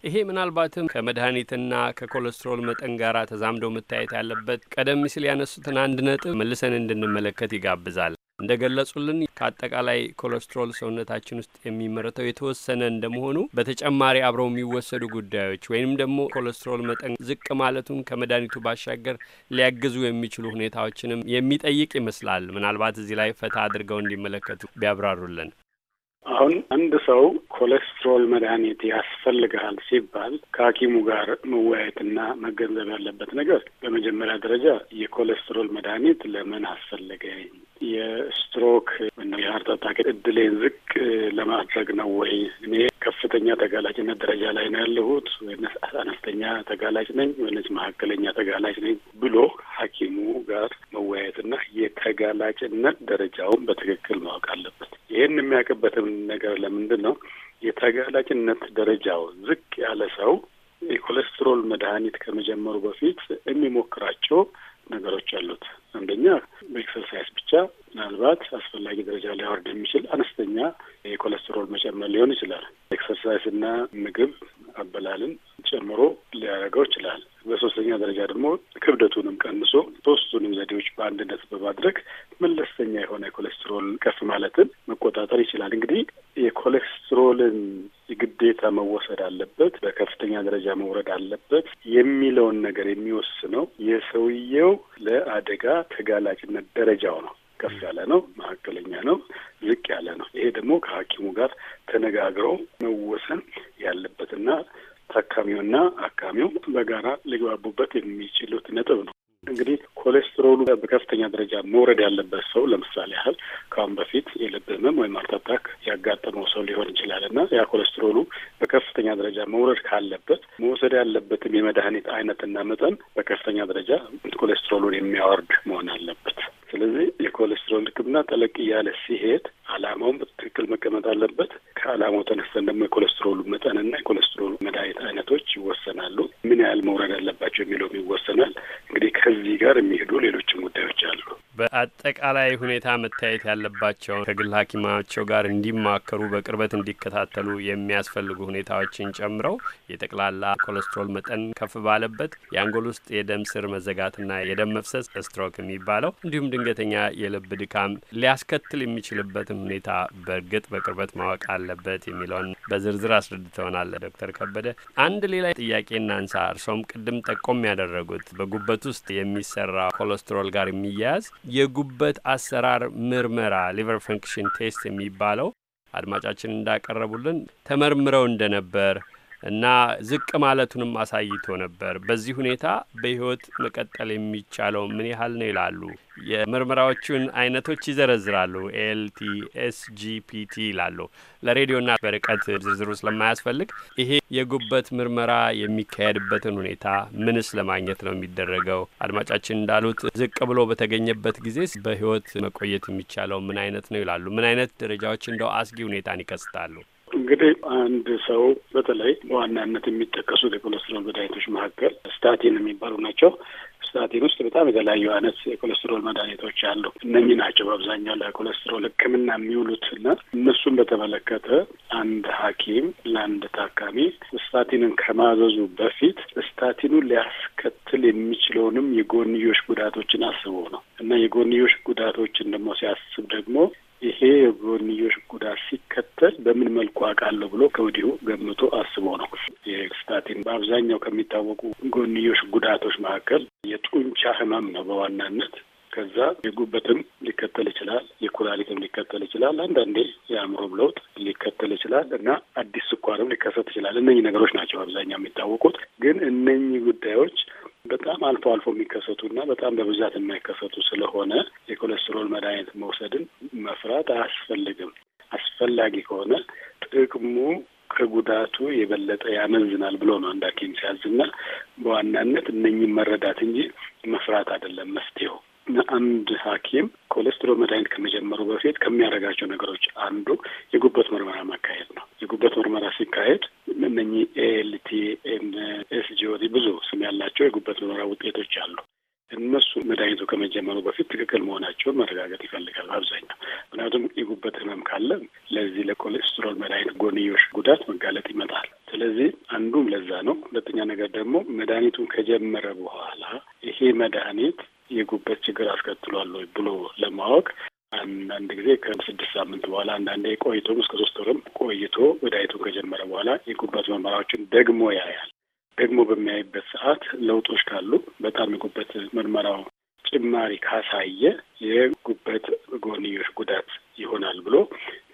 [SPEAKER 2] ይሄ ምናልባትም ከመድኃኒትና ከኮሌስትሮል መጠን ጋር ተዛምዶ መታየት ያለበት ቀደም ሲል ያነሱትን አንድ ነጥብ መልሰን እንድንመለከት ይጋብዛል። እንደ ገለጹልን ከአጠቃላይ ኮሌስትሮል ሰውነታችን ውስጥ የሚመረተው የተወሰነ እንደመሆኑ በተጨማሪ አብረው የሚወሰዱ ጉዳዮች ወይም ደግሞ ኮሌስትሮል መጠን ዝቅ ማለቱን ከመድኃኒቱ ባሻገር ሊያግዙ የሚችሉ ሁኔታዎችንም የሚጠይቅ ይመስላል። ምናልባት እዚህ ላይ ፈታ አድርገው እንዲመለከቱ ቢያብራሩልን።
[SPEAKER 5] አሁን አንድ ሰው ኮሌስትሮል መድኃኒት ያስፈልግሃል ሲባል ከሐኪሙ ጋር መወያየትና መገንዘብ ያለበት ነገር በመጀመሪያ ደረጃ የኮሌስትሮል መድኃኒት ለምን አስፈለገኝ? የስትሮክ የሀርት አታክ እድሌን ዝቅ ለማድረግ ነው ወይ? እኔ ከፍተኛ ተጋላጭነት ደረጃ ላይ ነው ያለሁት ወይንስ አነስተኛ ተጋላጭ ነኝ ወይንስ መካከለኛ ተጋላጭ ነኝ ብሎ ሐኪሙ ጋር መወያየትና የተጋላጭነት ደረጃውን በትክክል ማወቅ አለበት። ይህን የሚያውቅበትም ነገር ለምንድን ነው? የተጋላጭነት ደረጃው ዝቅ ያለ ሰው የኮሌስትሮል መድኃኒት ከመጀመሩ በፊት የሚሞክራቸው ነገሮች አሉት። አንደኛ በኤክሰርሳይዝ ብቻ ምናልባት አስፈላጊ ደረጃ ሊያወርድ የሚችል አነስተኛ የኮለስትሮል መጨመር ሊሆን ይችላል። ኤክሰርሳይዝና ምግብ አበላልን ጨምሮ ሊያደርገው ይችላል። በሶስተኛ ደረጃ ደግሞ ክብደቱንም ቀንሶ ሶስቱንም ዘዴዎች በአንድነት በማድረግ መለስተኛ የሆነ የኮሌስትሮል ከፍ ማለትን መቆጣጠር ይችላል። እንግዲህ የኮሌስትሮልን ግዴታ መወሰድ አለበት፣ በከፍተኛ ደረጃ መውረድ አለበት የሚለውን ነገር የሚወስነው የሰውየው ለአደጋ ተጋላጭነት ደረጃው ነው። ከፍ ያለ ነው፣ መካከለኛ ነው፣ ዝቅ ያለ ነው። ይሄ ደግሞ ከሐኪሙ ጋር ተነጋግሮ መወሰን ያለበትና ታካሚውና አካሚው በጋራ ሊግባቡበት የሚችሉት ነጥብ ነው። እንግዲህ ኮሌስትሮሉ በከፍተኛ ደረጃ መውረድ ያለበት ሰው ለምሳሌ ያህል ከአሁን በፊት የልብ ህመም ወይም አርታታክ ያጋጠመው ሰው ሊሆን ይችላል እና ያ ኮሌስትሮሉ በከፍተኛ ደረጃ መውረድ ካለበት መውሰድ ያለበትም የመድኃኒት አይነትና መጠን በከፍተኛ ደረጃ ኮሌስትሮሉን የሚያወርድ መሆን አለበት። ስለዚህ የኮሌስትሮል ህክምና ጠለቅ እያለ ሲሄድ አላማውን በትክክል መቀመጥ አለበት። ከአላማው ተነስተን ደግሞ የኮሌስትሮሉ መጠንና የኮሌስትሮሉ መድኃኒት አይነቶች ይወሰናሉ። ምን ያህል መውረድ አለባቸው የሚለውም ይወሰናል። እንግዲህ ከዚህ ጋር የሚሄዱ ሌሎችም ጉዳዮች
[SPEAKER 2] በአጠቃላይ ሁኔታ መታየት ያለባቸውን ከግል ሐኪማቸው ጋር እንዲማከሩ በቅርበት እንዲከታተሉ የሚያስፈልጉ ሁኔታዎችን ጨምረው የጠቅላላ ኮለስትሮል መጠን ከፍ ባለበት የአንጎል ውስጥ የደም ስር መዘጋትና የደም መፍሰስ ስትሮክ የሚባለው እንዲሁም ድንገተኛ የልብ ድካም ሊያስከትል የሚችልበትን ሁኔታ በእርግጥ በቅርበት ማወቅ አለበት የሚለውን በዝርዝር አስረድተውናል ዶክተር ከበደ። አንድ ሌላ ጥያቄና አንሳ እርሶም ቅድም ጠቆም ያደረጉት በጉበት ውስጥ የሚሰራ ኮለስትሮል ጋር የሚያያዝ የጉበት አሰራር ምርመራ ሊቨር ፈንክሽን ቴስት የሚባለው አድማጫችን እንዳቀረቡልን ተመርምረው እንደነበር እና ዝቅ ማለቱንም አሳይቶ ነበር። በዚህ ሁኔታ በህይወት መቀጠል የሚቻለው ምን ያህል ነው ይላሉ። የምርመራዎቹን አይነቶች ይዘረዝራሉ። ኤልቲ፣ ኤስጂፒቲ ይላሉ። ለሬዲዮና በርቀት ዝርዝሩ ስለማያስፈልግ ይሄ የጉበት ምርመራ የሚካሄድበትን ሁኔታ ምንስ ለማግኘት ነው የሚደረገው? አድማጫችን እንዳሉት ዝቅ ብሎ በተገኘበት ጊዜ በህይወት መቆየት የሚቻለው ምን አይነት ነው ይላሉ። ምን አይነት ደረጃዎች እንደው አስጊ ሁኔታን ይከስታሉ?
[SPEAKER 5] እንግዲህ አንድ ሰው በተለይ በዋናነት የሚጠቀሱ የኮሌስትሮል መድኃኒቶች መካከል ስታቲን የሚባሉ ናቸው። ስታቲን ውስጥ በጣም የተለያዩ አይነት የኮሌስትሮል መድኃኒቶች አሉ። እነኚህ ናቸው በአብዛኛው ለኮሌስትሮል ሕክምና የሚውሉት እና እነሱን በተመለከተ አንድ ሐኪም ለአንድ ታካሚ ስታቲንን ከማዘዙ በፊት ስታቲኑ ሊያስከትል የሚችለውንም የጎንዮሽ ጉዳቶችን አስቦ ነው እና የጎንዮሽ ጉዳቶችን ደግሞ ሲያስብ ደግሞ ይሄ የጎንዮሽ ጉዳት ሲከተል በምን መልኩ አውቃለሁ ብሎ ከወዲሁ ገምቶ አስቦ ነው። የስታቲን በአብዛኛው ከሚታወቁ ጎንዮሽ ጉዳቶች መካከል የጡንቻ ህመም ነው በዋናነት። ከዛ የጉበትም ሊከተል ይችላል፣ የኩላሊትም ሊከተል ይችላል፣ አንዳንዴ የአእምሮም ለውጥ ሊከተል ይችላል እና አዲስ ስኳርም ሊከሰት ይችላል። እነኚህ ነገሮች ናቸው አብዛኛው የሚታወቁት። ግን እነኚህ ጉዳዮች በጣም አልፎ አልፎ የሚከሰቱና በጣም በብዛት የማይከሰቱ ስለሆነ የኮሌስትሮል መድኃኒት መውሰድን መፍራት አያስፈልግም። አስፈላጊ ከሆነ ጥቅሙ ከጉዳቱ የበለጠ ያመዝናል ብሎ ነው አንድ ሐኪም ሲያዝና በዋናነት እነኝም መረዳት እንጂ መፍራት አይደለም መፍትሄው። አንድ ሐኪም ኮሌስትሮል መድኃኒት ከመጀመሩ በፊት ከሚያደርጋቸው ነገሮች አንዱ የጉበት ምርመራ ማካሄድ ነው። የጉበት ምርመራ ሲካሄድ እነኚህ ኤልቲ፣ ኤስጂኦቲ ብዙ ስም ያላቸው የጉበት ምርመራ ውጤቶች አሉ። እነሱ መድኃኒቱ ከመጀመሩ በፊት ትክክል መሆናቸውን መረጋገጥ ይፈልጋል አብዛኛው። ምክንያቱም የጉበት ህመም ካለ ለዚህ ለኮሌስትሮል መድኃኒት ጎንዮሽ ጉዳት መጋለጥ ይመጣል። ስለዚህ አንዱም ለዛ ነው። ሁለተኛ ነገር ደግሞ መድኃኒቱን ከጀመረ በኋላ ይሄ መድኃኒት የጉበት ችግር አስከትሏል ወይ ብሎ ለማወቅ አንዳንድ ጊዜ ከስድስት ሳምንት በኋላ አንዳንዴ ቆይቶም እስከ ሶስት ወርም ቆይቶ መድኃኒቱን ከጀመረ በኋላ የጉበት ምርመራዎችን ደግሞ ያያል። ደግሞ በሚያይበት ሰዓት ለውጦች ካሉ በጣም የጉበት ምርመራው ጭማሪ ካሳየ የጉበት ጎንዮሽ ጉዳት ይሆናል ብሎ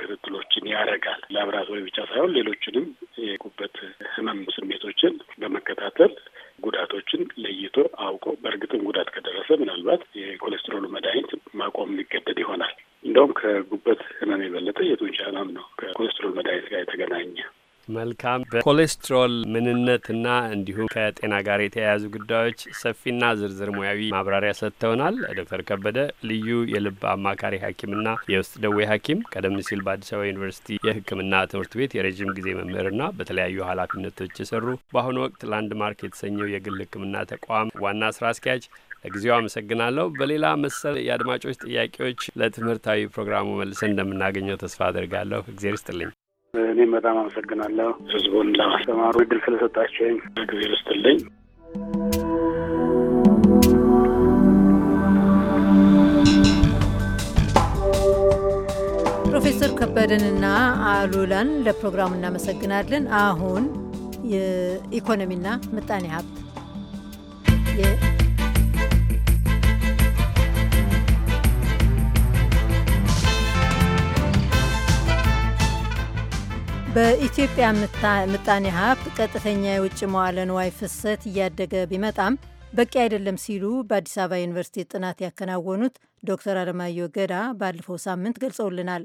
[SPEAKER 5] ክትትሎችን ያደርጋል። ላብራቶሪ ብቻ ሳይሆን ሌሎችንም የጉበት ህመም ስሜቶችን በመከታተል ጉዳቶችን ለይቶ አውቆ በእርግጥም ጉዳት ከደረሰ ምናልባት የኮሌስትሮሉ መድኃኒት ማቆም ሊገደድ ይሆናል። እንደውም ከጉበት ህመም የበለጠ የጡንቻ ህመም ነው ከኮሌስትሮል መድኃኒት ጋር የተገናኘ
[SPEAKER 2] መልካም። በኮሌስትሮል ምንነትና እንዲሁም ከጤና ጋር የተያያዙ ጉዳዮች ሰፊና ዝርዝር ሙያዊ ማብራሪያ ሰጥተውናል ዶክተር ከበደ ልዩ የልብ አማካሪ ሀኪምና የውስጥ ደዌ ሀኪም ቀደም ሲል በአዲስ አበባ ዩኒቨርሲቲ የህክምና ትምህርት ቤት የረዥም ጊዜ መምህርና በተለያዩ ኃላፊነቶች የሰሩ በአሁኑ ወቅት ላንድማርክ የተሰኘው የግል ህክምና ተቋም ዋና ስራ አስኪያጅ። ለጊዜው አመሰግናለሁ። በሌላ መሰል የአድማጮች ጥያቄዎች ለትምህርታዊ ፕሮግራሙ መልሰን እንደምናገኘው ተስፋ አድርጋለሁ። እግዜር ይስጥልኝ።
[SPEAKER 5] እኔም በጣም አመሰግናለሁ ህዝቡን ለማስተማሩ እድል ስለሰጣችሁኝ ጊዜ ልስጥልኝ።
[SPEAKER 1] ፕሮፌሰር ከበደንና አሉላን ለፕሮግራሙ እናመሰግናለን። አሁን የኢኮኖሚና ምጣኔ ሀብት በኢትዮጵያ ምጣኔ ሀብት ቀጥተኛ የውጭ መዋለ ንዋይ ፍሰት እያደገ ቢመጣም በቂ አይደለም ሲሉ በአዲስ አበባ ዩኒቨርሲቲ ጥናት ያከናወኑት ዶክተር አለማየሁ ገዳ ባለፈው ሳምንት ገልጸውልናል።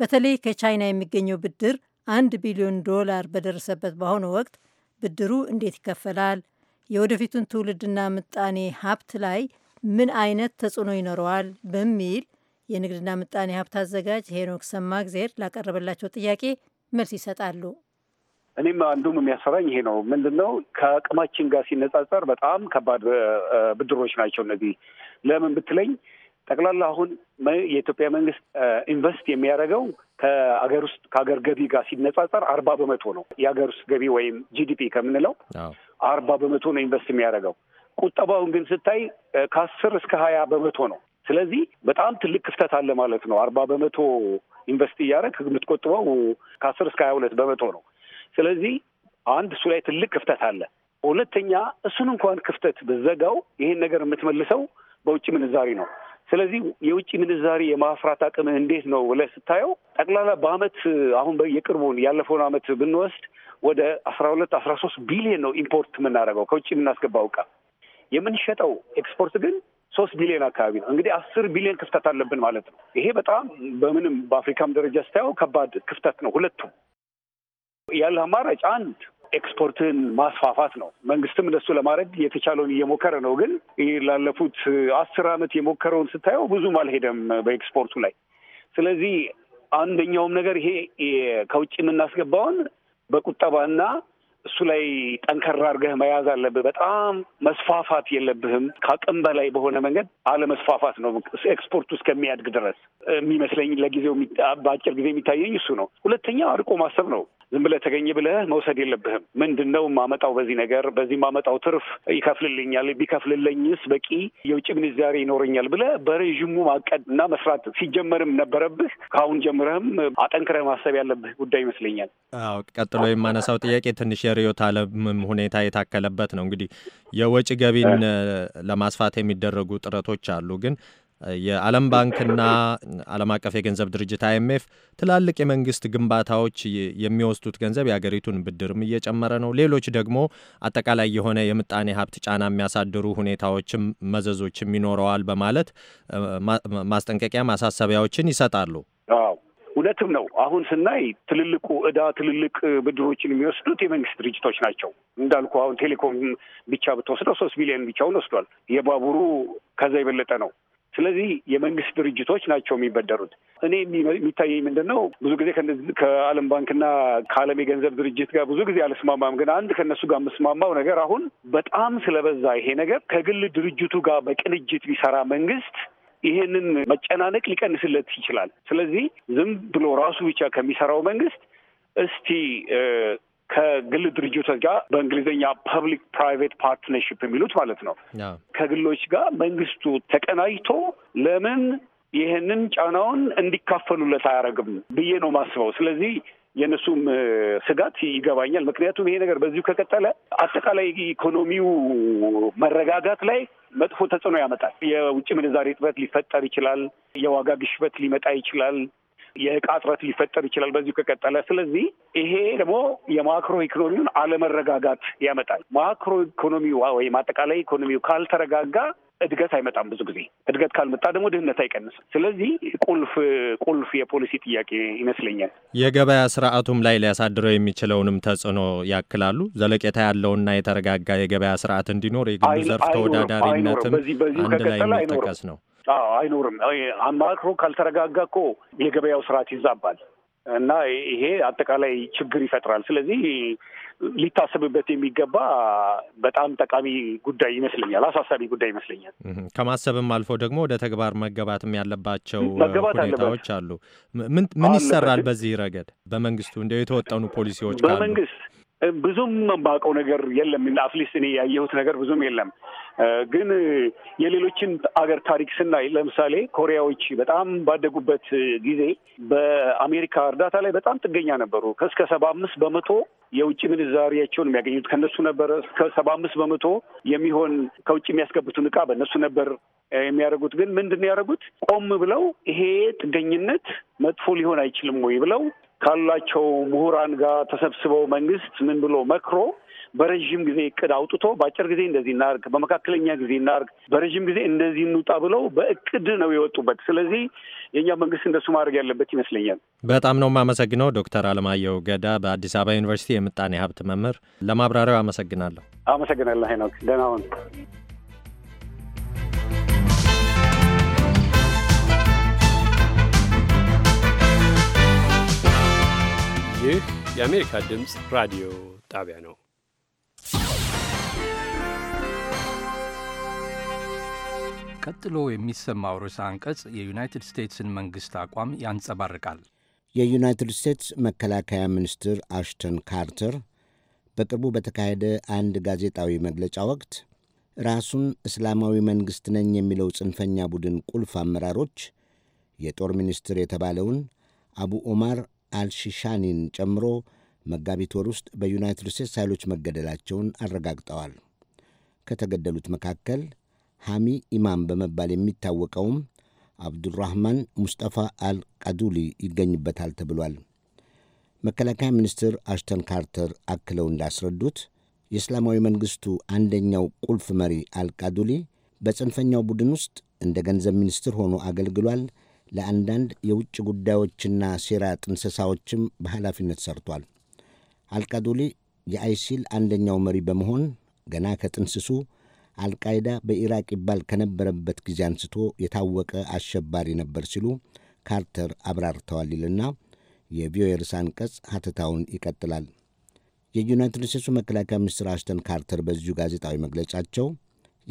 [SPEAKER 1] በተለይ ከቻይና የሚገኘው ብድር አንድ ቢሊዮን ዶላር በደረሰበት በአሁኑ ወቅት ብድሩ እንዴት ይከፈላል? የወደፊቱን ትውልድና ምጣኔ ሀብት ላይ ምን አይነት ተጽዕኖ ይኖረዋል? በሚል የንግድና ምጣኔ ሀብት አዘጋጅ ሄኖክ ሰማግዜር ላቀረበላቸው ጥያቄ መልስ ይሰጣሉ።
[SPEAKER 11] እኔም አንዱም የሚያሰራኝ ይሄ ነው። ምንድን ነው ከአቅማችን ጋር ሲነጻጸር በጣም ከባድ ብድሮች ናቸው እነዚህ። ለምን ብትለኝ ጠቅላላ አሁን የኢትዮጵያ መንግስት ኢንቨስት የሚያደርገው ከአገር ውስጥ ከሀገር ገቢ ጋር ሲነጻጸር አርባ በመቶ ነው። የሀገር ውስጥ ገቢ ወይም ጂዲፒ ከምንለው አርባ በመቶ ነው ኢንቨስት የሚያደርገው። ቁጠባውን ግን ስታይ ከአስር እስከ ሀያ በመቶ ነው። ስለዚህ በጣም ትልቅ ክፍተት አለ ማለት ነው። አርባ በመቶ ኢንቨስት እያደረግ የምትቆጥበው ከአስር እስከ ሀያ ሁለት በመቶ ነው። ስለዚህ አንድ እሱ ላይ ትልቅ ክፍተት አለ። ሁለተኛ እሱን እንኳን ክፍተት ብዘጋው ይሄን ነገር የምትመልሰው በውጭ ምንዛሪ ነው። ስለዚህ የውጭ ምንዛሪ የማፍራት አቅም እንዴት ነው ብለህ ስታየው ጠቅላላ በአመት አሁን የቅርቡን ያለፈውን አመት ብንወስድ ወደ አስራ ሁለት አስራ ሶስት ቢሊዮን ነው ኢምፖርት የምናደርገው ከውጭ የምናስገባው ዕቃ የምንሸጠው ኤክስፖርት ግን ሶስት ቢሊዮን አካባቢ ነው። እንግዲህ አስር ቢሊዮን ክፍተት አለብን ማለት ነው። ይሄ በጣም በምንም በአፍሪካም ደረጃ ስታየው ከባድ ክፍተት ነው። ሁለቱም ያለ አማራጭ አንድ ኤክስፖርትን ማስፋፋት ነው። መንግስትም እንደሱ ለማድረግ የተቻለውን እየሞከረ ነው። ግን ይህ ላለፉት አስር ዓመት የሞከረውን ስታየው ብዙም አልሄደም በኤክስፖርቱ ላይ። ስለዚህ አንደኛውም ነገር ይሄ ከውጭ የምናስገባውን በቁጠባና እሱ ላይ ጠንከር አድርገህ መያዝ አለብህ። በጣም መስፋፋት የለብህም። ከአቅም በላይ በሆነ መንገድ አለመስፋፋት ነው ኤክስፖርቱ እስከሚያድግ ድረስ የሚመስለኝ ለጊዜው በአጭር ጊዜ የሚታየኝ እሱ ነው። ሁለተኛው አርቆ ማሰብ ነው። ዝም ብለህ ተገኘ ብለህ መውሰድ የለብህም። ምንድን ነው የማመጣው በዚህ ነገር በዚህ የማመጣው ትርፍ ይከፍልልኛል፣ ቢከፍልልኝስ በቂ የውጭ ምንዛሬ ይኖረኛል ብለህ በረዥሙ ማቀድ እና መስራት ሲጀመርም ነበረብህ። ከአሁን ጀምረህም አጠንክረህ ማሰብ ያለብህ ጉዳይ ይመስለኛል።
[SPEAKER 12] አዎ፣ ቀጥሎ የማነሳው ጥያቄ ትንሽ የርዕዮተ ዓለምም ሁኔታ የታከለበት ነው። እንግዲህ የወጪ ገቢን ለማስፋት የሚደረጉ ጥረቶች አሉ ግን የዓለም ባንክና ዓለም አቀፍ የገንዘብ ድርጅት አይኤምኤፍ ትላልቅ የመንግስት ግንባታዎች የሚወስዱት ገንዘብ የአገሪቱን ብድርም እየጨመረ ነው። ሌሎች ደግሞ አጠቃላይ የሆነ የምጣኔ ሀብት ጫና የሚያሳድሩ ሁኔታዎችም መዘዞችም ይኖረዋል በማለት ማስጠንቀቂያ ማሳሰቢያዎችን ይሰጣሉ።
[SPEAKER 11] እውነትም ነው። አሁን ስናይ ትልልቁ እዳ ትልልቅ ብድሮችን የሚወስዱት የመንግስት ድርጅቶች ናቸው። እንዳልኩ አሁን ቴሌኮም ብቻ ብትወስደው ሶስት ቢሊዮን ብቻውን ወስዷል። የባቡሩ ከዛ የበለጠ ነው። ስለዚህ የመንግስት ድርጅቶች ናቸው የሚበደሩት። እኔ የሚታየኝ ምንድን ነው ብዙ ጊዜ ከዓለም ባንክና ከዓለም የገንዘብ ድርጅት ጋር ብዙ ጊዜ አልስማማም፣ ግን አንድ ከነሱ ጋር የምስማማው ነገር አሁን በጣም ስለበዛ ይሄ ነገር ከግል ድርጅቱ ጋር በቅንጅት ቢሰራ መንግስት ይሄንን መጨናነቅ ሊቀንስለት ይችላል። ስለዚህ ዝም ብሎ ራሱ ብቻ ከሚሰራው መንግስት እስቲ ከግል ድርጅቶች ጋር በእንግሊዝኛ ፐብሊክ ፕራይቬት ፓርትነርሽፕ የሚሉት ማለት ነው። ከግሎች ጋር መንግስቱ ተቀናጅቶ ለምን ይህንን ጫናውን እንዲካፈሉለት አያደርግም ብዬ ነው ማስበው። ስለዚህ የእነሱም ስጋት ይገባኛል። ምክንያቱም ይሄ ነገር በዚሁ ከቀጠለ አጠቃላይ ኢኮኖሚው መረጋጋት ላይ መጥፎ ተጽዕኖ ያመጣል። የውጭ ምንዛሬ እጥበት ሊፈጠር ይችላል። የዋጋ ግሽበት ሊመጣ ይችላል። የእቃ እጥረት ሊፈጠር ይችላል በዚሁ ከቀጠለ። ስለዚህ ይሄ ደግሞ የማክሮ ኢኮኖሚውን አለመረጋጋት ያመጣል። ማክሮ ኢኮኖሚ ወይም አጠቃላይ ኢኮኖሚው ካልተረጋጋ እድገት አይመጣም። ብዙ ጊዜ እድገት ካልመጣ ደግሞ ድህነት አይቀንስም። ስለዚህ ቁልፍ ቁልፍ የፖሊሲ ጥያቄ ይመስለኛል።
[SPEAKER 12] የገበያ ስርዓቱም ላይ ሊያሳድረው የሚችለውንም ተጽዕኖ ያክላሉ። ዘለቄታ ያለውና የተረጋጋ የገበያ ስርዓት እንዲኖር የግሉ ዘርፍ ተወዳዳሪነትም አንድ ላይ የሚጠቀስ ነው።
[SPEAKER 11] አይኖርም። አማክሮ ካልተረጋጋ እኮ የገበያው ስርዓት ይዛባል እና ይሄ አጠቃላይ ችግር ይፈጥራል። ስለዚህ ሊታሰብበት የሚገባ በጣም ጠቃሚ ጉዳይ ይመስለኛል፣ አሳሳቢ ጉዳይ ይመስለኛል።
[SPEAKER 12] ከማሰብም አልፎ ደግሞ ወደ ተግባር መገባትም ያለባቸው ሁኔታዎች አሉ። ምን ይሰራል በዚህ ረገድ በመንግስቱ እንደ የተወጠኑ ፖሊሲዎች በመንግስት
[SPEAKER 11] ብዙም የማውቀው ነገር የለም። አትሊስት እኔ ያየሁት ነገር ብዙም የለም። ግን የሌሎችን አገር ታሪክ ስናይ ለምሳሌ ኮሪያዎች በጣም ባደጉበት ጊዜ በአሜሪካ እርዳታ ላይ በጣም ጥገኛ ነበሩ። ከእስከ ሰባ አምስት በመቶ የውጭ ምንዛሪያቸውን የሚያገኙት ከነሱ ነበር እስከ ሰባ አምስት በመቶ የሚሆን ከውጭ የሚያስገቡትን እቃ በእነሱ ነበር የሚያደርጉት። ግን ምንድን ነው ያደረጉት? ቆም ብለው ይሄ ጥገኝነት መጥፎ ሊሆን አይችልም ወይ ብለው ካላቸው ምሁራን ጋር ተሰብስበው መንግስት ምን ብሎ መክሮ በረዥም ጊዜ እቅድ አውጥቶ በአጭር ጊዜ እንደዚህ እናርግ፣ በመካከለኛ ጊዜ እናርግ፣ በረዥም ጊዜ እንደዚህ እንውጣ ብለው በእቅድ ነው የወጡበት። ስለዚህ የእኛ መንግስት እንደሱ ማድረግ ያለበት ይመስለኛል።
[SPEAKER 12] በጣም ነው የማመሰግነው ዶክተር አለማየሁ ገዳ በአዲስ አበባ ዩኒቨርሲቲ የምጣኔ ሀብት መምህር፣ ለማብራሪያው አመሰግናለሁ።
[SPEAKER 5] አመሰግናለሁ ሄኖክ ደህና ሁን።
[SPEAKER 2] ይህ የአሜሪካ ድምፅ ራዲዮ ጣቢያ ነው። ቀጥሎ የሚሰማው ርዕሰ አንቀጽ የዩናይትድ ስቴትስን መንግሥት አቋም ያንጸባርቃል።
[SPEAKER 4] የዩናይትድ ስቴትስ መከላከያ ሚኒስትር አሽተን ካርተር በቅርቡ በተካሄደ አንድ ጋዜጣዊ መግለጫ ወቅት ራሱን እስላማዊ መንግሥት ነኝ የሚለው ጽንፈኛ ቡድን ቁልፍ አመራሮች የጦር ሚኒስትር የተባለውን አቡ ኦማር አልሺሻኒን ጨምሮ መጋቢት ወር ውስጥ በዩናይትድ ስቴትስ ኃይሎች መገደላቸውን አረጋግጠዋል። ከተገደሉት መካከል ሐሚ ኢማም በመባል የሚታወቀውም አብዱራህማን ሙስጠፋ አልቃዱሊ ይገኝበታል ተብሏል። መከላከያ ሚኒስትር አሽተን ካርተር አክለው እንዳስረዱት የእስላማዊ መንግሥቱ አንደኛው ቁልፍ መሪ አልቃዱሊ በጽንፈኛው ቡድን ውስጥ እንደ ገንዘብ ሚኒስትር ሆኖ አገልግሏል። ለአንዳንድ የውጭ ጉዳዮችና ሴራ ጥንሰሳዎችም በኃላፊነት ሰርቷል። አልቃዱሊ የአይሲል አንደኛው መሪ በመሆን ገና ከጥንስሱ አልቃይዳ በኢራቅ ይባል ከነበረበት ጊዜ አንስቶ የታወቀ አሸባሪ ነበር ሲሉ ካርተር አብራርተዋል ይልና የቪኦኤ ርዕሰ አንቀጽ ሀተታውን ይቀጥላል። የዩናይትድ ስቴትሱ መከላከያ ሚኒስትር አሽተን ካርተር በዚሁ ጋዜጣዊ መግለጫቸው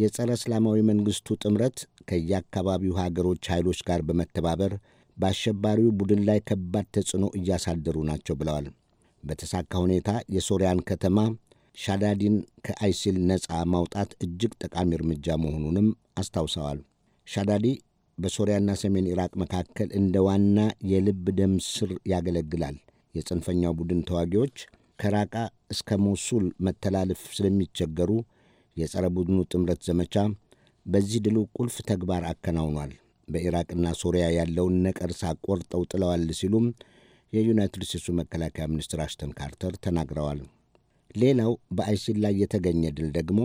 [SPEAKER 4] የጸረ እስላማዊ መንግሥቱ ጥምረት ከየአካባቢው ሀገሮች ኃይሎች ጋር በመተባበር በአሸባሪው ቡድን ላይ ከባድ ተጽዕኖ እያሳደሩ ናቸው ብለዋል። በተሳካ ሁኔታ የሶሪያን ከተማ ሻዳዲን ከአይሲል ነፃ ማውጣት እጅግ ጠቃሚ እርምጃ መሆኑንም አስታውሰዋል። ሻዳዲ በሶሪያና ሰሜን ኢራቅ መካከል እንደ ዋና የልብ ደም ስር ያገለግላል። የጽንፈኛው ቡድን ተዋጊዎች ከራቃ እስከ ሞሱል መተላለፍ ስለሚቸገሩ የጸረ ቡድኑ ጥምረት ዘመቻ በዚህ ድሉ ቁልፍ ተግባር አከናውኗል። በኢራቅና ሶሪያ ያለውን ነቀርሳ ቆርጠው ጥለዋል ሲሉም የዩናይትድ ስቴትሱ መከላከያ ሚኒስትር አሽተን ካርተር ተናግረዋል። ሌላው በአይሲል ላይ የተገኘ ድል ደግሞ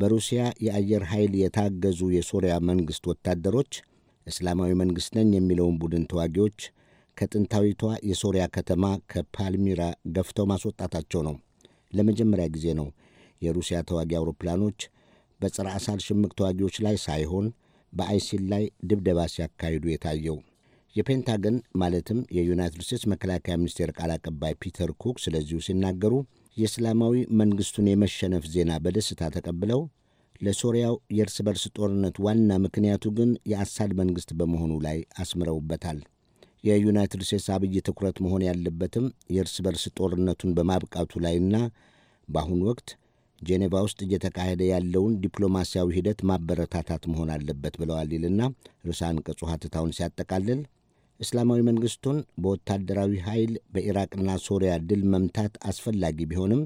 [SPEAKER 4] በሩሲያ የአየር ኃይል የታገዙ የሶሪያ መንግሥት ወታደሮች እስላማዊ መንግሥት ነኝ የሚለውን ቡድን ተዋጊዎች ከጥንታዊቷ የሶሪያ ከተማ ከፓልሚራ ገፍተው ማስወጣታቸው ነው። ለመጀመሪያ ጊዜ ነው የሩሲያ ተዋጊ አውሮፕላኖች በጸረ አሳድ ሽምቅ ተዋጊዎች ላይ ሳይሆን በአይሲል ላይ ድብደባ ሲያካሂዱ የታየው። የፔንታገን ማለትም የዩናይትድ ስቴትስ መከላከያ ሚኒስቴር ቃል አቀባይ ፒተር ኩክ ስለዚሁ ሲናገሩ የእስላማዊ መንግሥቱን የመሸነፍ ዜና በደስታ ተቀብለው ለሶሪያው የእርስ በርስ ጦርነት ዋና ምክንያቱ ግን የአሳድ መንግሥት በመሆኑ ላይ አስምረውበታል። የዩናይትድ ስቴትስ አብይ ትኩረት መሆን ያለበትም የእርስ በርስ ጦርነቱን በማብቃቱ ላይና በአሁኑ ወቅት ጄኔቫ ውስጥ እየተካሄደ ያለውን ዲፕሎማሲያዊ ሂደት ማበረታታት መሆን አለበት ብለዋል ይልና ርዕሰ አንቀጹ ሐተታውን ሲያጠቃልል እስላማዊ መንግሥቱን በወታደራዊ ኃይል በኢራቅና ሶሪያ ድል መምታት አስፈላጊ ቢሆንም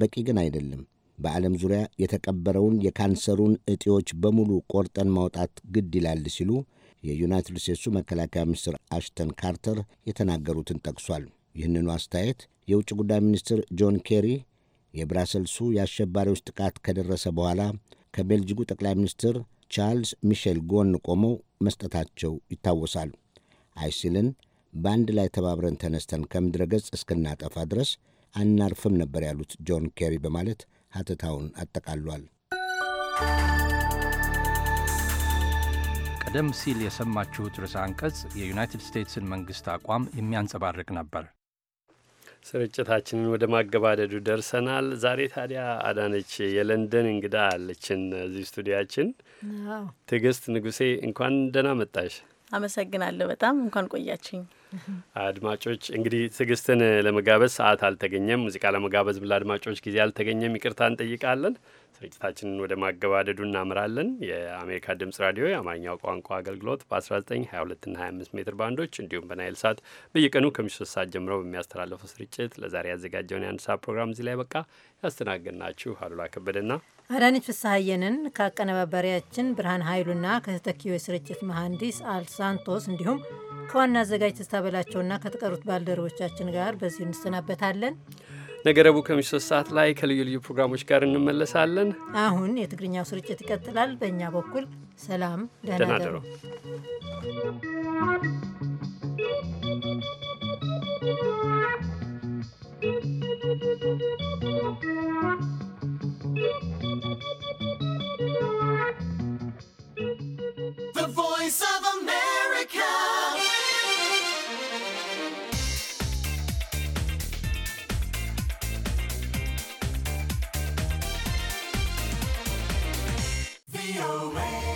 [SPEAKER 4] በቂ ግን አይደለም። በዓለም ዙሪያ የተቀበረውን የካንሰሩን እጢዎች በሙሉ ቆርጠን ማውጣት ግድ ይላል ሲሉ የዩናይትድ ስቴትሱ መከላከያ ሚኒስትር አሽተን ካርተር የተናገሩትን ጠቅሷል። ይህንኑ አስተያየት የውጭ ጉዳይ ሚኒስትር ጆን ኬሪ የብራሰልሱ የአሸባሪዎች ጥቃት ከደረሰ በኋላ ከቤልጅጉ ጠቅላይ ሚኒስትር ቻርልስ ሚሼል ጎን ቆመው መስጠታቸው ይታወሳል። አይሲልን በአንድ ላይ ተባብረን ተነስተን ከምድረ ገጽ እስክናጠፋ ድረስ አናርፍም ነበር ያሉት ጆን ኬሪ በማለት ሀተታውን አጠቃሏል።
[SPEAKER 2] ቀደም ሲል የሰማችሁት ርዕሰ አንቀጽ የዩናይትድ ስቴትስን መንግሥት አቋም የሚያንጸባርቅ ነበር። ስርጭታችንን ወደ ማገባደዱ ደርሰናል። ዛሬ ታዲያ አዳነች የለንደን እንግዳ አለችን እዚህ ስቱዲያችን። ትዕግስት ንጉሴ እንኳን ደህና መጣሽ።
[SPEAKER 10] አመሰግናለሁ። በጣም እንኳን ቆያችኝ።
[SPEAKER 2] አድማጮች እንግዲህ ትዕግስትን ለመጋበዝ ሰዓት አልተገኘም። ሙዚቃ ለመጋበዝም ለአድማጮች ጊዜ አልተገኘም። ይቅርታ እንጠይቃለን። ስርጭታችንን ወደ ማገባደዱ እናምራለን። የአሜሪካ ድምጽ ራዲዮ የአማርኛው ቋንቋ አገልግሎት በ19፣ 22 25 ሜትር ባንዶች እንዲሁም በናይል ሳት በየቀኑ ከምሽቱ ሶስት ሰዓት ጀምሮ በሚያስተላለፈው ስርጭት ለዛሬ ያዘጋጀውን የአንድ ሰዓት ፕሮግራም እዚህ ላይ በቃ ያስተናገድናችሁ አሉላ ከበደና
[SPEAKER 1] አዳነች ፍስሐየንን ከአቀነባባሪያችን ብርሃን ኃይሉና ከተተኪዮ የስርጭት መሐንዲስ አልሳንቶስ እንዲሁም ከዋና አዘጋጅ ተስታበላቸውና ከተቀሩት ባልደረቦቻችን ጋር በዚህ እንሰናበታለን።
[SPEAKER 2] ነገ ረቡዕ ከምሽቱ ሶስት ሰዓት ላይ ከልዩ ልዩ ፕሮግራሞች ጋር እንመለሳለን።
[SPEAKER 1] አሁን የትግርኛው ስርጭት ይቀጥላል። በእኛ በኩል ሰላም፣ ደህና ደሩ።
[SPEAKER 8] Voice of America.
[SPEAKER 12] VOA.